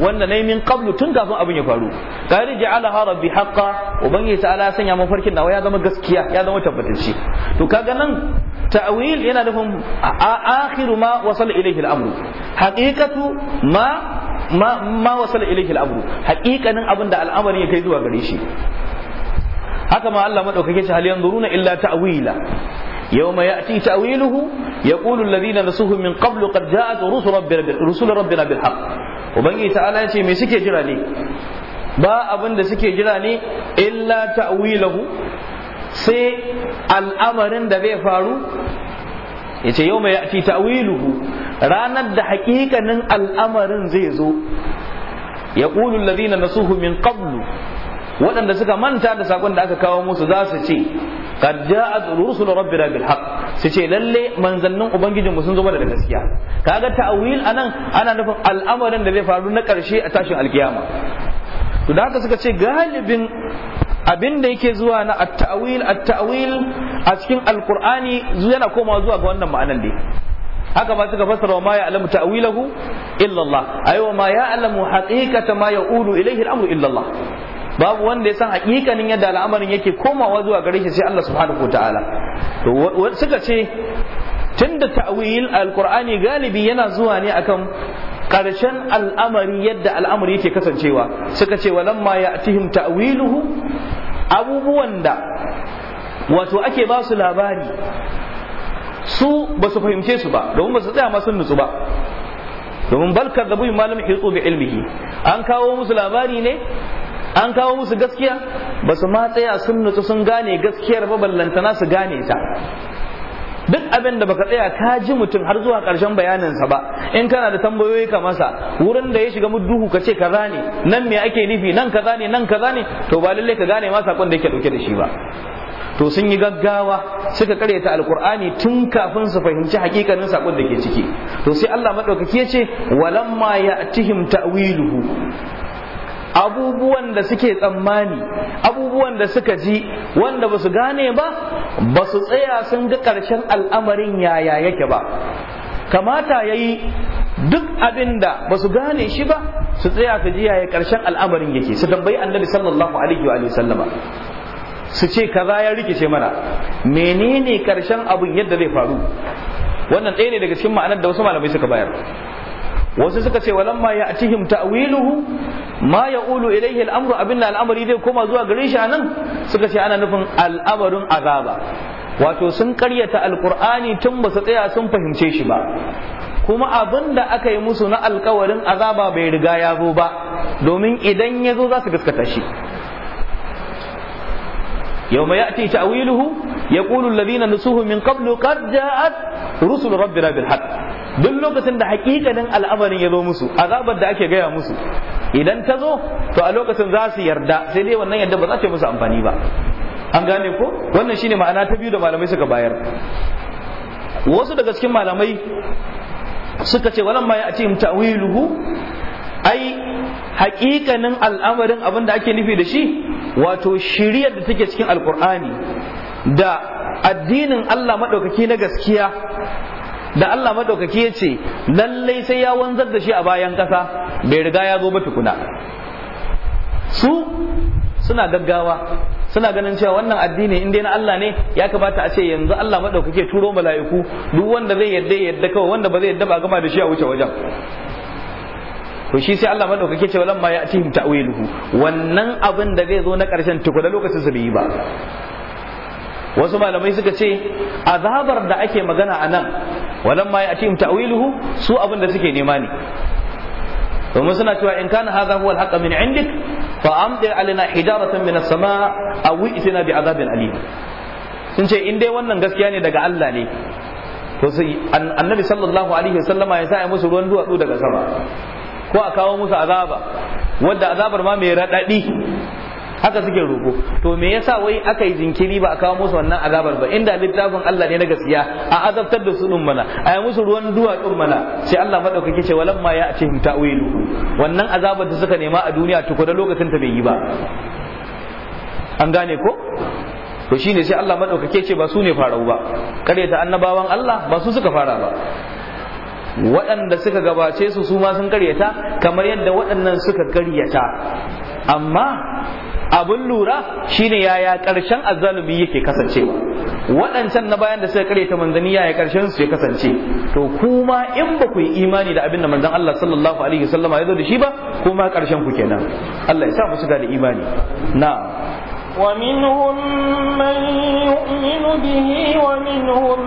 wanda na min qablu tun kafin abin ya faru qari ja'alaha rabbi haqqa ubangiji ta'ala sanya mafarkin nawa ya zama gaskiya ya zama tabbatacce to kaga nan ta'wil yana nufin akhiru ma wasala ilayhi al-amru haqiqatu ma ma ma wasala ilayhi al haqiqanin abin da al'amarin ya kai zuwa gare shi haka ma Allah madaukake ce hal yanzuruna illa ta'wila يوم يأتي تأويله يقول الذين نسوه qablu. قبل قد جاءت رسل ربنا رسل ربنا بالحق وبنجي تعالى يتي مي سكي جرا ني با ابن da suke jira ne illa ta'wilahu sai al'amarin da zai faru yace yawma ya'ti ta'wiluhu ranar da hakikanin al'amarin zai zo yaqulu alladhina nasuhu min qablu waɗanda suka manta da sakon da aka kawo musu za su ce qad ja'at rusul rabbina bil haqq su ce lalle manzannin ubangijinmu sun zo da gaskiya kaga ta'wil anan ana nufin al'amarin da zai faru na karshe a tashin alkiyama to da haka suka ce galibin abin da yake zuwa na at-ta'wil at-ta'wil a cikin alqur'ani yana komawa zuwa ga wannan ma'anar ne haka ba suka fassara wa ma ya'lamu ta'wilahu illa Allah ayo ma ya'lamu haqiqata ma ya'ulu ilayhi al-amru illa Allah babu wanda ya san hakikanin yadda al'amarin yake komawa zuwa gare shi sai Allah subhanahu wataala to suka ce tunda ta'wil alqur'ani galibi yana zuwa ne akan karshen al'amari yadda al'amari yake kasancewa suka ce walamma ya'tihim ta'wiluhu abubuwan da wato ake ba su labari su ba su fahimce su ba domin ba su tsaya ma sun nutsu ba domin balka gabu malam hitu bi ilmihi an kawo musu labari ne an kawo musu gaskiya ba su ma sun nutsu sun gane gaskiyar ba ballantana su gane ta duk abin da baka tsaya ka ji mutum har zuwa karshen bayaninsa ba in kana da tambayoyi ka masa wurin da ya shiga duhu kace ce kaza ne nan me ake nufi nan kaza ne nan kaza ne to ba lallai ka gane ma sakon da yake dauke da shi ba to sun yi gaggawa suka karyata alkur'ani tun kafin su fahimci hakikanin sakon da ke ciki to sai Allah madaukaki ya ce walamma ya'tihim ta'wiluhu abubuwan da suke tsammani abubuwan da suka ji wanda ba su gane ba ba su tsaya sun ga ƙarshen al'amarin yaya yake ba kamata ya yi duk abin da ba su gane shi ba su tsaya su ji yaya karshen al'amarin yake su tambayi annabi sallallahu alaihi wa sallama su ce kaza ya rikice mana menene ƙarshen abun yadda zai faru wannan ɗaya ne daga cikin ma'anar da wasu malamai suka bayar wasu suka ce walamma ya atihim ta'wiluhu ma yaqulu ilayhi al-amru abin al'amari zai koma zuwa gare shi anan suka ce ana nufin al'amarin azaba wato sun karyata alqur'ani tun ba su tsaya sun fahimce shi ba kuma abin da aka yi musu na alkawarin azaba bai riga ya zo ba domin idan ya zo za su gaskata shi يوم يأتي تأويله يقول الذين نسوه من قبل قد جاءت رسل ربنا بالحق duk lokacin da hakikanin al'amarin ya zo musu azabar da ake gaya musu idan ta zo to a lokacin za su yarda sai dai wannan yarda ba za ta musu amfani ba an gane ko wannan shine ma'ana ta biyu da malamai suka bayar wasu daga cikin malamai suka ce walan ma ya ce ta'wiluhu ai hakikanin al'amarin abin da ake nufi da shi wato shiriyar da take cikin alkur'ani da addinin Allah maɗaukaki na gaskiya da Allah madaukaki ya ce lallai sai ya wanzar da shi a bayan kasa bai riga ya zo ba tukuna su suna gaggawa suna ganin cewa wannan addini in dai na Allah ne ya kamata a ce yanzu Allah madaukake turo mala'iku duk wanda zai yadda yadda kawai wanda ba zai yadda ba gama da shi a wuce wajen to shi sai Allah madaukake ce walamma ya'tihim ta'wiluhu wannan abin da zai zo na ƙarshen tukuna lokacin su bai yi ba wasu malamai suka ce azabar da ake magana a nan walan ma ya'tihim ta'wiluhu su abin da suke nema ne domin suna cewa in kana hadha huwa al min indik fa amdir alaina hijaratan min as-samaa aw i'tina bi azabin alim sun ce in dai wannan gaskiya ne daga Allah ne to sai annabi sallallahu alaihi wasallama ya sa musu ruwan duwatsu daga sama ko a kawo musu azaba wadda azabar ma mai raɗaɗi haka suke roƙo to me yasa wai aka yi jinkiri ba a kawo musu wannan azabar ba inda littafin Allah ne na gaskiya a azabtar da su din mana a yi musu ruwan duwatsun mana sai Allah madaukaki ce walamma ya ce ta wannan azabar da suka nema a duniya tukuna lokacin ta bai yi ba an gane ko to shine sai Allah madaukake ce ba su ne farau ba ta annabawan Allah ba su suka fara ba waɗanda suka gabace su su ma sun karyata kamar yadda waɗannan suka karyata amma abin lura shine yaya karshen azzalumi yake kasancewa waɗancan na bayan da suka ta manzanni yaya karshen su ya kasance to kuma in ba ku yi imani da abin da manzon Allah sallallahu alaihi wasallama ya zo da shi ba kuma karshen ku kenan Allah ya sa mu shiga da imani na'am ومنهم من يؤمن به ومنهم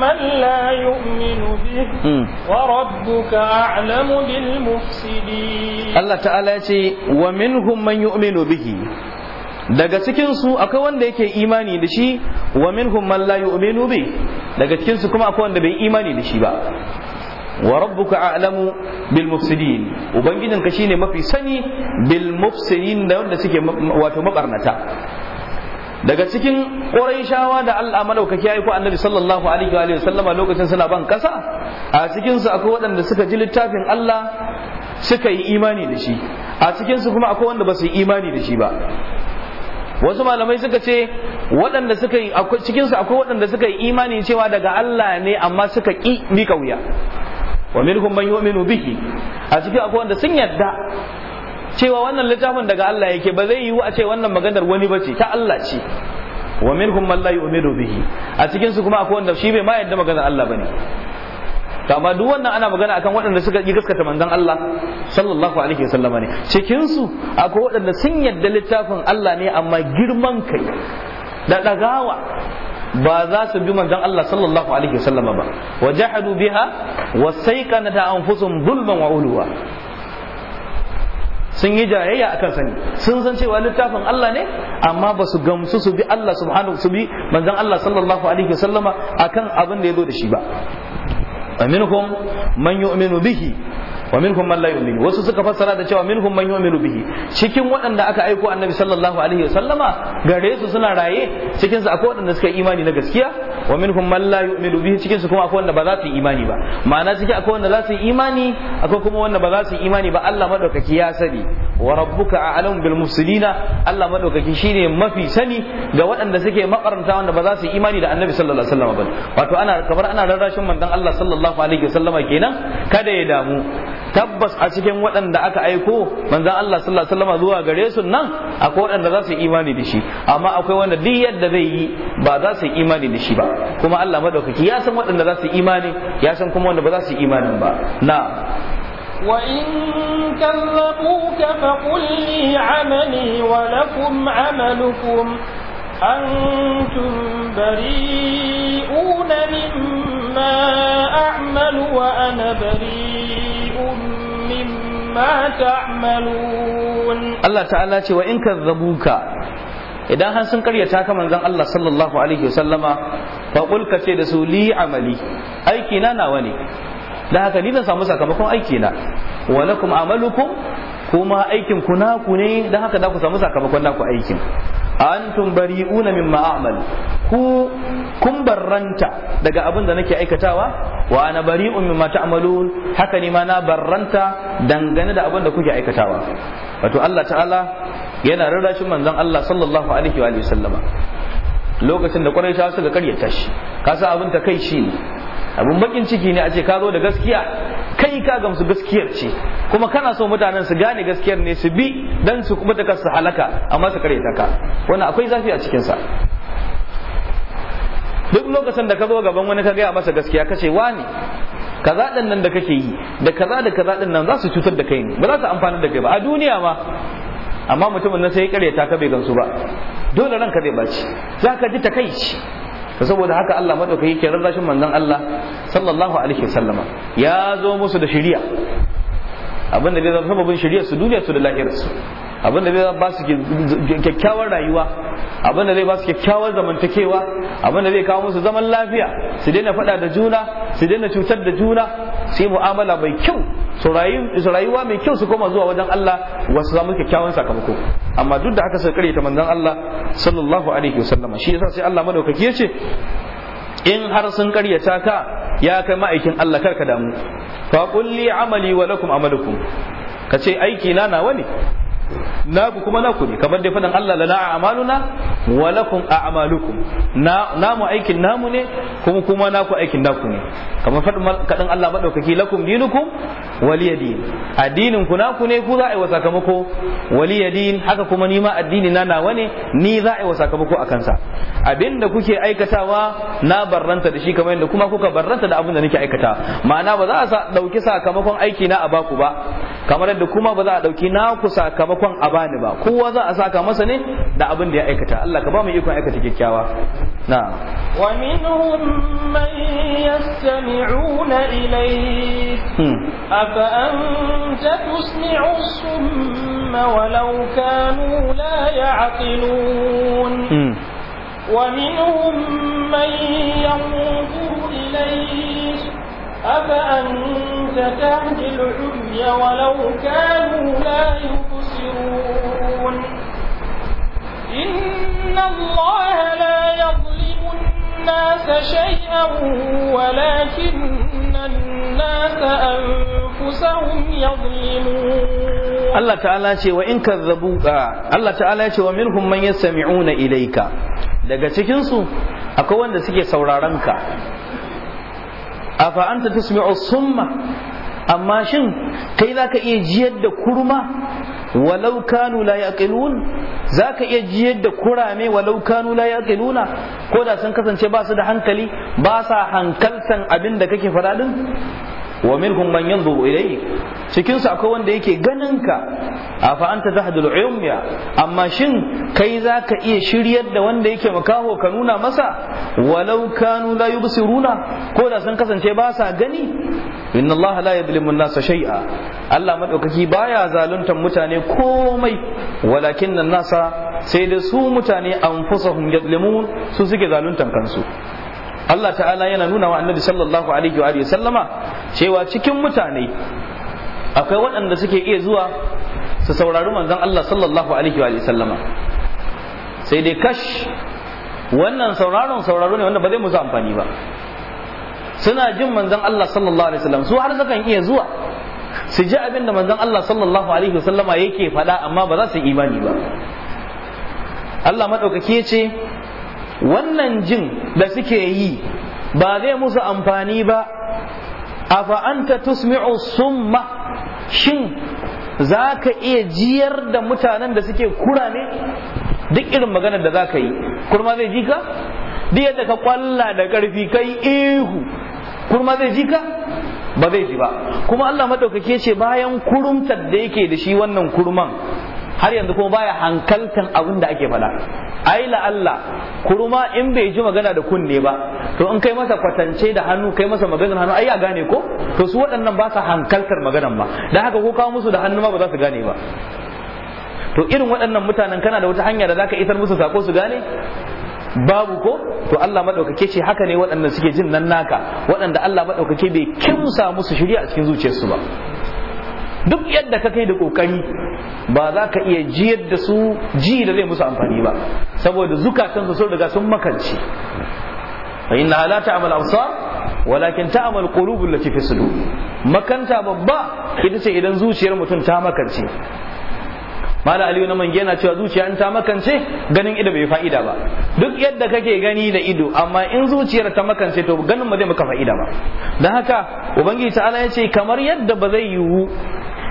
من لا يؤمن به وربك أعلم بالمفسدين الله تعالى ومنهم من يؤمن به daga cikin su akwai wanda yake imani da shi wa minhum man la yu'minu bi daga cikin su kuma akwai wanda bai imani da shi ba wa rabbuka a'lamu bil mufsidin ubangijin ka shine mafi sani bil mufsidin da wanda suke wato mabarnata daga cikin shawa da Allah madaukaki ya aiko annabi sallallahu alaihi wa sallam a lokacin suna ban ƙasa a cikin su akwai waɗanda suka ji littafin Allah suka yi imani da shi a cikin su kuma akwai wanda ba su yi imani da shi ba wasu malamai suka ce waɗanda suka yi cikin su akwai waɗanda suka yi imani cewa daga Allah ne amma suka ƙi mika wuya wa minhum man yu'minu bihi a cikin akwai wanda sun yadda cewa wannan littafin daga Allah yake ba zai yiwu a ce wannan maganar wani ba ce ta Allah ce wa minhum man la yu'minu bihi a cikin su kuma akwai wanda shi bai ma yadda maganar Allah bane to amma duk wannan ana magana akan waɗanda suka yi gaskata manzon Allah sallallahu alaihi wasallama ne cikin su akwai waɗanda sun yadda littafin Allah ne amma girman kai da dagawa ba za su bi manzon Allah sallallahu alaihi wasallam ba wa biha wa na anfusuhum zulman wa ulwa sun yi jayayya akan sani sun san cewa littafin Allah ne amma ba su gamsu su bi Allah subhanahu su bi manzon Allah sallallahu alaihi wasallama akan abin da ya zo da shi ba aminkum man yu'minu bihi wa minhum man la yu'min wasu suka fassara da cewa minhum man yu'minu bihi cikin waɗanda aka aiko annabi sallallahu alaihi wasallama gare su suna raye cikin su akwai waɗanda suka imani na gaskiya wa minhum man la yu'minu bihi cikin su kuma akwai wanda ba za su yi imani ba ma'ana cikin akwai wanda za su yi imani akwai kuma wanda ba za su yi imani ba Allah madaukaki ya sani wa rabbuka a'lamu bil mufsidina Allah madaukaki shine mafi sani ga waɗanda suke makaranta wanda ba za su yi imani da annabi sallallahu alaihi wasallama ba wato ana kamar ana rarrashin manzon Allah sallallahu alaihi wasallama kenan kada ya damu tabbas a cikin waɗanda aka aiko manzon Allah sallallahu alaihi wasallam zuwa gare su nan akwai waɗanda za su yi imani da shi amma akwai wanda duk yadda zai yi ba za su yi imani da shi ba kuma Allah madaukaki ya san waɗanda za su yi imani ya san kuma wanda ba za su yi imanin ba na وإن كذبوك فقل لي عملي ولكم عملكم أنتم بريئون مما أعمل وأنا بريء Allah ta'ala ce wa in kadzabuka idan har sun karyata ka manzon Allah sallallahu alaihi wasallama fa qul ka ce da su li amali aiki na nawa ne dan haka ni zan samu sakamakon aiki na wa lakum amalukum kuma aikin ku naku ne don haka za ku samu sakamakon naku aikin antum bari'una mimma a'mal ku kun barranta daga abin da nake aikatawa wa ana bari'un mimma ta'malun haka ne ma na barranta dangane da abin da kuke aikatawa wato Allah ta'ala yana shi manzon Allah sallallahu alaihi wa sallama lokacin da Quraysh suka karyata shi kasa abin ta kai shi ne abin bakin ciki ne a ce ka zo da gaskiya kai ka gamsu gaskiyar ce kuma kana so mutanen su gane gaskiyar ne su bi dan su kuma ta su halaka amma su kare ta ka wannan akwai zafi a cikin sa duk lokacin da ka zo gaban wani ka gaya masa gaskiya kace wani kaza din nan da kake yi da kaza da kaza din nan za su cutar da kai ne ba za su amfana da kai ba a duniya ma amma mutumin nan sai ya kare ta ka bai gamsu ba dole ranka zai baci za ka ji takaici to saboda haka Allah madaukaki ke rarrashin manzon Allah sallallahu alaihi wasallama ya zo musu da shari'a abin da zai zama sababin shirya su duniya su da lahirar su abin da zai ba su kyakkyawar rayuwa abin da zai ba su kyakkyawar zamantakewa abin da zai kawo musu zaman lafiya su daina faɗa da juna su daina cutar da juna su yi mu'amala mai kyau su rayuwa mai kyau su koma zuwa wajen Allah wasu zamun kyakkyawan sakamako amma duk da aka sai ta manzon Allah sallallahu alaihi wasallam shi yasa sai Allah madaukaki ya ce in har sun karyata ka ya kai ma'aikin Allah karka damu fa kulli amali wa lakum amalukum kace aiki na nawa ne naku kuma naku ne kamar dai fadan Allah lana a'maluna wa lakum a'malukum namu aikin namu ne kuma kuma naku aikin naku ne kamar fadin kadan Allah madaukaki lakum dinukum waliyadin addinin ku naku ne ku za a yi wa sakamako waliyadin haka kuma ni ma addini na nawa ne ni za a yi wa sakamako a kansa abinda kuke aikatawa na barranta da shi kamar yadda kuma kuka barranta da abin da nake aikata ma'ana ba za a dauki sakamakon aiki na a baku ba kamar yadda kuma ba za a dauki naku sakamakon sakamakon a bani ba kowa za a saka masa ne da abin da ya aikata Allah ka ba mu ikon aikata kyakkyawa na wa minhum man yastami'una ilayk hmm. afa anta tusmi'u summa walau kanu la ya'qilun ومنهم من ينظر إليك أفأنت تهدي العمي ولو كانوا لا يبصرون إن الله لا يظلم الناس شيئا ولكن الناس أنفسهم يظلمون Allah ta'ala ce wa in kazzabu Allah ta'ala ce wa minhum man yastami'una ilayka daga cikin su akwai wanda suke sauraron ka afa anta tusmi'u summa amma shin kai zaka iya jiyar da kurma walau kanu la yaqilun zaka iya jiyar da kurame walau kanu la yaqiluna ko da sun kasance ba su da hankali ba sa hankaltan abin da kake faɗa din wa minhum man yanzuru ilayk cikin su akwai wanda yake ganin ka afa anta tahdul umya amma shin kai zaka iya shiryar da wanda yake makaho ka nuna masa walau kanu la yubsiruna ko da sun kasance ba sa gani inna Allah la yadhlimu an-nasa shay'a Allah madaukaki baya zaluntar mutane komai walakin an-nasa sai da su mutane anfusahum yadlimun su suke zaluntar kansu Allah ta'ala yana nuna wa annabi sallallahu alaihi wa sallama cewa cikin mutane akwai waɗanda suke iya zuwa su saurari manzon Allah sallallahu alaihi wa sallama sai dai kash wannan sauraron sauraro ne wanda ba zai musu amfani ba suna jin manzon Allah sallallahu alaihi wasallam su har sukan iya zuwa su ji abin da manzon Allah sallallahu alaihi wa wasallama yake faɗa amma ba za su yi imani ba Allah madaukake ce wannan jin da suke yi ba zai musu amfani ba Afa'anta anta tusmi'u summa shin za ka iya jiyar da mutanen da suke kura ne duk irin maganar da za ka yi kurma zai ji ka duk yadda ka kwalla da ƙarfi kai ihu kurma zai ji ka ba zai ji ba kuma Allah maɗaukake ce bayan kurumtar da yake da shi wannan kurman har yanzu kuma baya hankaltan abin da ake fada ai Allah kuruma in bai ji magana da kunne ba to in kai masa kwatance da hannu kai masa maganar hannu ai ya gane ko to su waɗannan ba sa hankaltar maganar ba dan haka ko kawo musu da hannu ma ba za su gane ba to irin waɗannan mutanen kana da wata hanya da zaka isar musu sako su gane babu ko to Allah madaukake ce haka ne waɗanda suke jin nan naka waɗanda Allah madaukake bai kimsa musu shirya a cikin zuciyarsu ba duk yadda ka kai da kokari ba za ka iya jiyar da su ji da zai musu amfani ba saboda zukatan su sun riga sun makance fa inna la ta'mal absar walakin ta'mal qulubul allati fi sudur makanta babba ita ce idan zuciyar mutum ta makance mala aliyu na mange yana cewa zuciya in ta makance ganin ido bai fa'ida ba duk yadda kake gani da ido amma in zuciyar ta makance to ganin ba zai maka fa'ida ba don haka ubangiji ta'ala ya ce kamar yadda ba zai yiwu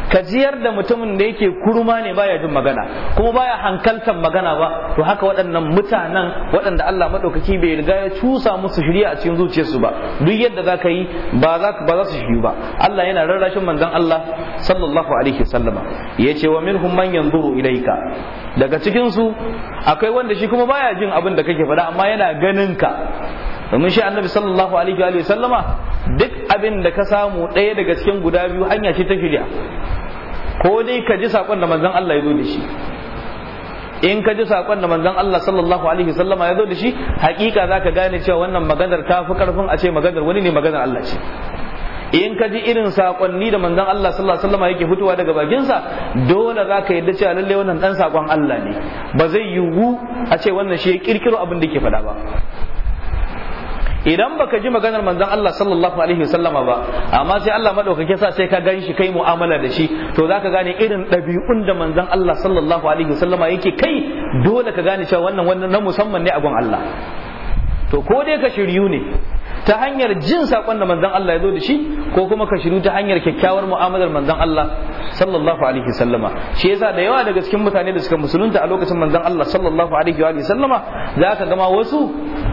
ka jiyar da mutumin da yake kurma ne baya jin magana kuma baya hankaltar magana ba to haka waɗannan mutanen waɗanda Allah madaukaki bai riga ya cusa musu shirya a cikin zuciyarsu ba duk yadda za ka yi ba za ba su shiryu ba Allah yana rarrashin manzon Allah sallallahu alaihi wasallama yace wa minhum man yanzuru ilaika daga cikin su akwai wanda shi kuma baya jin abin da kake faɗa amma yana ganin ka domin shi annabi sallallahu alaihi wa sallama duk abin da ka samu ɗaya daga cikin guda biyu hanya ce ta shirya ko dai ka ji saƙon da manzon Allah ya zo da shi in ka ji saƙon da manzon Allah sallallahu alaihi sallama ya zo da shi hakika za ka gane cewa wannan maganar ta fi karfin a ce maganar wani ne maganar Allah ce in ka ji irin sakonni da manzon Allah sallallahu alaihi sallama yake fitowa daga bakinsa dole za ka yadda cewa lalle wannan dan sakon Allah ne ba zai yiwu a ce wannan shi ya kirkiro abin da yake faɗa ba idan baka ji maganar manzon Allah sallallahu alaihi wasallama ba amma sai Allah madaukake sa sai ka gani shi kai mu'amala da shi to zaka gane irin ɗabi'un da manzon Allah sallallahu alaihi wasallama yake kai dole ka gane cewa wannan wannan na musamman ne a gun Allah to ko dai ka shiryu ne ta hanyar jin sakon da manzon Allah ya zo da shi ko kuma ka shiru ta hanyar kyakkyawar mu'amalar manzon Allah sallallahu alaihi sallama shi yasa da yawa daga cikin mutane da suka musulunta a lokacin manzon Allah sallallahu alaihi wa sallama zaka ga ma wasu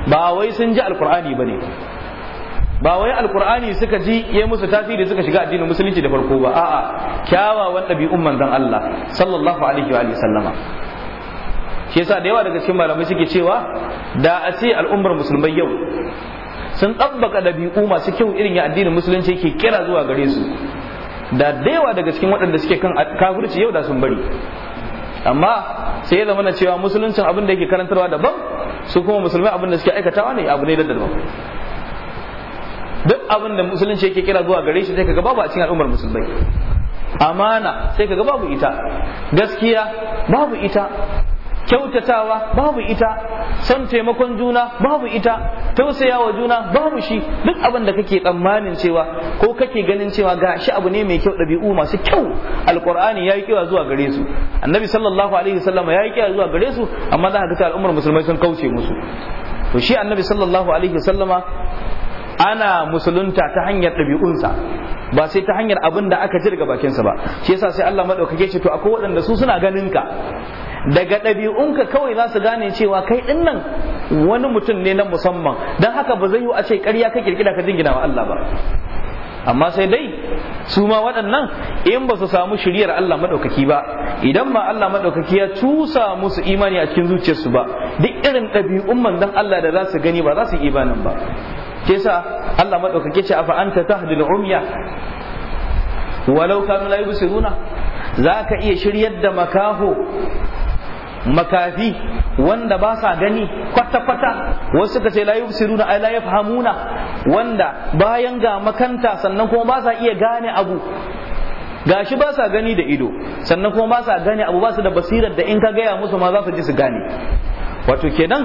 ba wai sun ji alqur'ani bane ba wai alqur'ani suka ji ya musu tasiri suka shiga addinin musulunci da farko ba a'a kyawawan ɗabi'un manzon Allah sallallahu alaihi wa sallama shi yasa da yawa daga cikin malamai suke cewa da a ce al'ummar musulmai yau sun ɗabbaka ɗabi'u masu kyau irin ya addinin musulunci ke kira zuwa gare su da dewa daga cikin waɗanda suke kan kafirci yau da sun bari amma sai ya zama na cewa musuluncin abin da yake karantarwa daban su kuma musulmai abin da suke aikatawa ne abu ne da daban duk abin da musulunci yake kira zuwa gare shi sai kaga babu a cikin al'ummar musulmai amana sai kaga babu ita gaskiya babu ita kyautatawa babu ita son taimakon juna babu ita tausaya wa juna babu shi duk abin da kake tsammanin cewa ko kake ganin cewa ga shi abu ne mai kyau ɗabi'u masu kyau alqur'ani yayi kiwa zuwa gare su annabi sallallahu alaihi wasallam yi kiwa zuwa gare su amma za ka ga al'ummar musulmai sun kauce musu to shi annabi sallallahu alaihi wasallama ana musulunta ta hanyar ɗabi'unsa ba sai ta hanyar abin da aka ji daga bakinsa ba shi yasa sai Allah madaukake ce to akwai waɗanda su suna ganin ka daga ɗabi'unka kawai za su gane cewa kai ɗin nan wani mutum ne na musamman don haka ba zai yi a ce ƙarya ka kirkira ka jingina wa Allah ba amma sai dai su ma waɗannan in ba su samu shiriyar Allah maɗaukaki ba idan ba Allah maɗaukaki ya cusa musu imani a cikin zuciyarsu ba duk irin ɗabi'un man don Allah da za su gani ba za su yi imanin ba ke Allah maɗaukaki ce afa anta tahdil umya walau kanu la yubsiruna za ka iya shiryar da makaho makafi wanda ba sa gani kwata-kwata wasu suka ce layu yubsiruna ay la yafhamuna wanda bayan ga makanta sannan kuma ba sa iya gane abu gashi ba sa gani da ido sannan kuma ba sa gane abu ba su da basirar da in ka gaya musu ma za su ji su gane wato kenan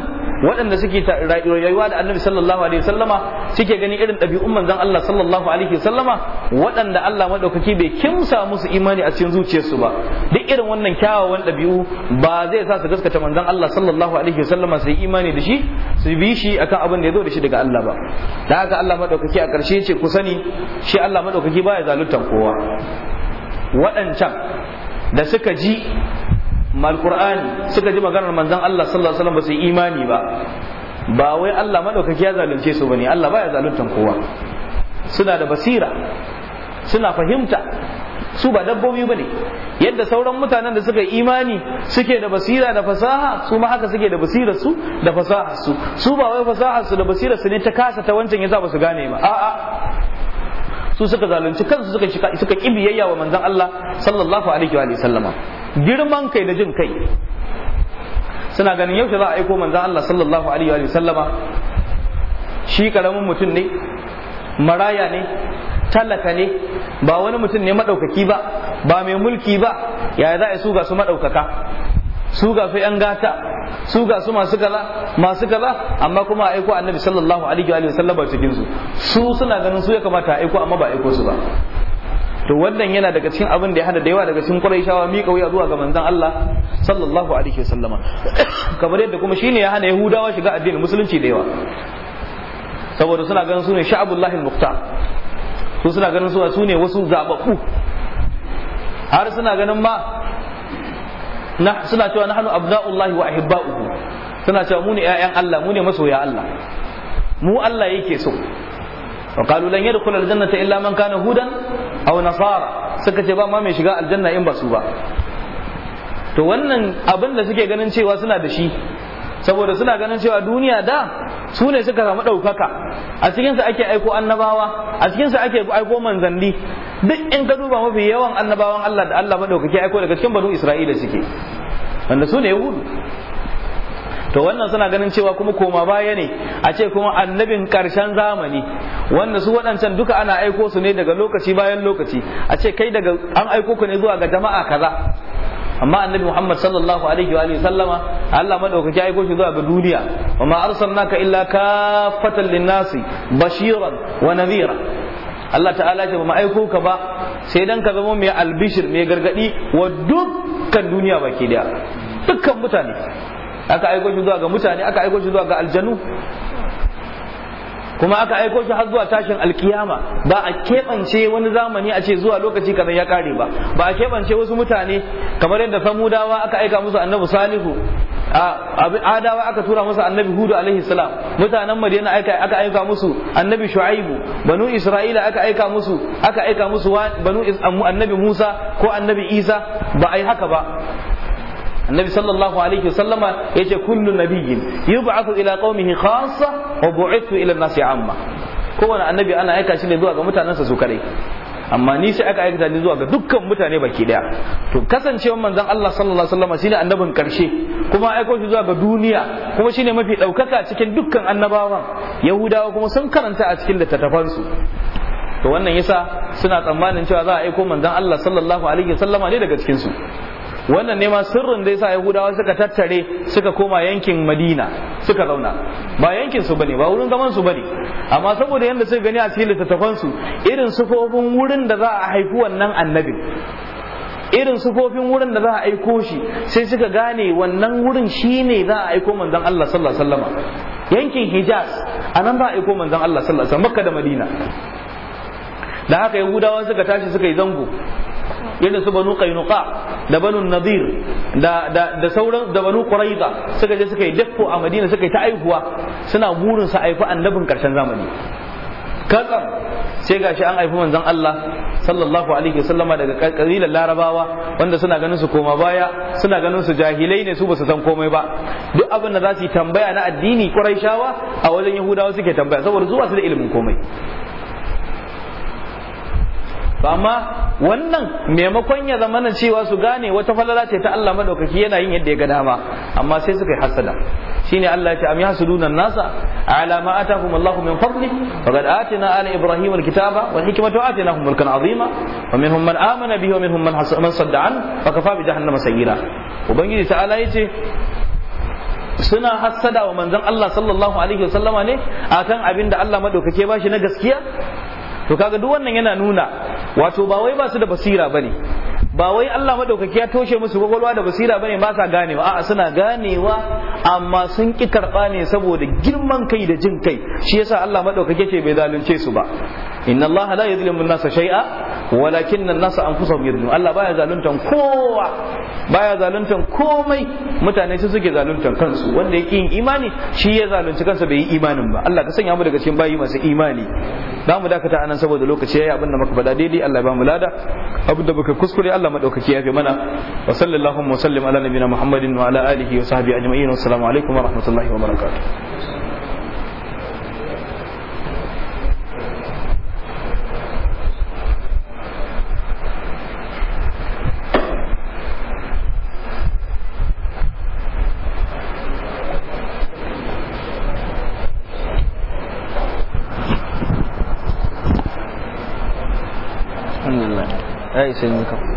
waɗanda suke rayuwa da annabi sallallahu alaihi wasallama suke gani irin ɗabi'un manzon Allah sallallahu alaihi wasallama waɗanda Allah madaukaki bai kimsa musu imani a cikin zuciyarsu ba duk irin wannan kyawawan ɗabi'u ba zai sa su gaskata manzon Allah sallallahu alaihi wasallama su yi imani da shi su bi shi akan abin da ya zo da shi daga Allah ba da haka Allah madaukaki a ƙarshe ce ku sani shi Allah madaukaki baya zaluntan kowa waɗancan da suka ji malqur'ani suka ji maganar manzon Allah sallallahu alaihi wasallam ba su imani ba ba wai Allah madaukaki ya zalunce su bane Allah baya zaluntan kowa suna da basira suna fahimta su ba dabbobi bane yadda sauran mutanen da suka imani suke da basira da fasaha su ma haka suke da basira su da fasaha su su ba wai fasaha su da basira su ne ta kasa ta wancan yasa ba su gane ba a'a su suka zalunci kansu suka shika suka ki biyayya wa manzon Allah sallallahu alaihi wa sallama girman kai da jin kai suna ganin yaushe za a aiko manzon Allah sallallahu alaihi wa sallama shi karamin mutum ne maraya ne talaka ne ba wani mutum ne madaukaki ba ba mai mulki ba yaya za a su ga su madaukaka su ga su yan gata su ga su masu kaza masu kaza amma kuma aiko annabi sallallahu alaihi wa sallam cikin su su suna ganin su ya kamata aiko amma ba aiko su ba to wannan yana daga cikin abin da ya hada da yawa daga cikin quraishawa mi wuya zuwa ga manzon Allah sallallahu alaihi wa sallama [coughs] kamar yadda kuma shine ya hana Yahudawa shiga addinin musulunci da yawa saboda suna ganin su ne sha'abullahi al su suna ganin su ne wasu zababbu har suna ganin ma suna cewa nahnu abna'ullahi wa ahibba'uhu suna cewa mu ne ƴaƴan Allah mu ne masoya Allah mu Allah yake so wa qalu lan yadkhul aljannata illa man kana hudan aw nasara suka ce ba ma mai shiga aljanna in ba su ba to wannan abin da suke ganin cewa suna da shi saboda suna ganin cewa duniya da su ne suka samu ɗaukaka a cikinsu ake aiko annabawa a cikinsu ake aiko manzanni duk in ka duba mafi yawan annabawan Allah da Allah maɗaukaki aiko daga cikin banu Isra'ila suke wanda su ne Yahudu to wannan suna ganin cewa kuma koma baya ne a ce kuma annabin karshen zamani wanda su waɗancan duka ana aiko su ne daga lokaci bayan lokaci a ce kai daga an aiko ku ne zuwa ga jama'a kaza amma annabi Muhammad sallallahu alaihi wa sallama Allah madaukaki ya aiko shi zuwa ga duniya wa ma arsalnaka illa kafatan linnasi bashiran wa nadhira Allah ta'ala ce ba mu aiko ka ba sai dan ka zama mai albishir mai gargadi wa dukkan duniya baki daya dukkan mutane aka aiko shi zuwa ga mutane aka aiko shi zuwa ga aljanu kuma aka aiko shi har zuwa tashin alkiyama ba a keɓance wani zamani a ce zuwa lokaci kaza ya kare ba ba a keɓance wasu mutane kamar yadda samudawa aka aika musu annabi salihu a adawa aka tura musu annabi hudu alaihi salam mutanen madina aka aika musu annabi shu'aibu banu isra'ila aka aika musu aka aika musu banu annabi musa ko annabi isa ba a yi haka ba annabi sallallahu alaihi wasallama kullum kullu nabiyyin yub'athu ila qaumihi khassa wa bu'ithu ila an-nasi amma kowane annabi ana aika shi ne zuwa ga mutanensa su kadai amma ni sai aka aikata ni zuwa ga dukkan mutane baki daya to kasancewar manzan Allah sallallahu alaihi wasallam shine annabin karshe kuma aiko shi zuwa ga duniya kuma shine mafi ɗaukaka cikin dukkan annabawan yahudawa kuma sun karanta a cikin littattafansu to wannan yasa suna tsammanin cewa za a aiko manzan Allah sallallahu alaihi wasallama ne daga cikin su wannan ne ma sirrin da yasa yahudawa suka tattare suka koma yankin madina suka zauna ba yankin su bane ba wurin zaman su bane amma saboda yanda suka gani a littattafan su irin sufofin wurin da za a haifi wannan annabin irin sufofin wurin da za a aiko shi sai suka gane wannan wurin shine za a aiko manzon Allah sallallahu alaihi wasallam yankin Hijaz anan ba a aiko manzon Allah sallallahu alaihi wasallam Makka da Madina da haka Yahudawa suka tashi suka yi zango Yadda su banu qainuqa da banu nadir da sauran da banu quraiza suka je suka yi dakko a madina suka yi ta aihuwa suna burin su aifi annabin karshen zamani kakan sai gashi an haifi manzon Allah sallallahu alaihi sallama daga kabilar larabawa wanda suna ganin su koma baya suna ganin su jahilai ne su basu san komai ba duk abin da za su yi tambaya na addini quraishawa a wajen yahudawa suke tambaya saboda zuwa su da ilimin komai to amma wannan maimakon ya zama cewa su gane wata falala ce ta Allah madaukaki yana yin yadda ya ga dama amma sai suka yi hasada shine Allah ya ce am yahsuduna nasa ala ma atahum Allah min fadli faqad atina ala ibrahim alkitaba wal hikmata wa atinahum mulkan azima wa minhum man amana bihi wa minhum man sadda an fa kafa bi jahannama sayyira ubangiji ta'ala yace suna hasada wa manzon Allah sallallahu alaihi wasallama ne akan abin da Allah madaukake shi na gaskiya to kaga duk wannan yana nuna wato ba wai ba su da basira bane ba wai Allah madaukaki ya toshe musu gwagwalwa da basira bane ba sa ganewa a'a suna ganewa amma sun ki karba ne saboda girman kai da jin kai shi yasa Allah madaukaki ce bai zalunce su ba inna allaha la yadhlimu an-nasa shay'a walakin an-nasa anfusahum yadhlimun Allah baya zaluntan kowa baya zaluntan komai mutane su suke zaluntan kansu wanda yake yin imani shi ya zalunci kansa bai yi imanin ba Allah ka sanya mu daga cikin bayi masu imani za mu dakata anan saboda lokaci yayi abinda muka faɗa daidai Allah ya ba mu lada da muka kuskure Allah madaukaki ya fi mana wa sallallahu wa sallim ala nabiyina Muhammadin wa ala alihi wa sahbihi ajma'in wa assalamu alaikum wa rahmatullahi wa barakatuh ya isa yi kan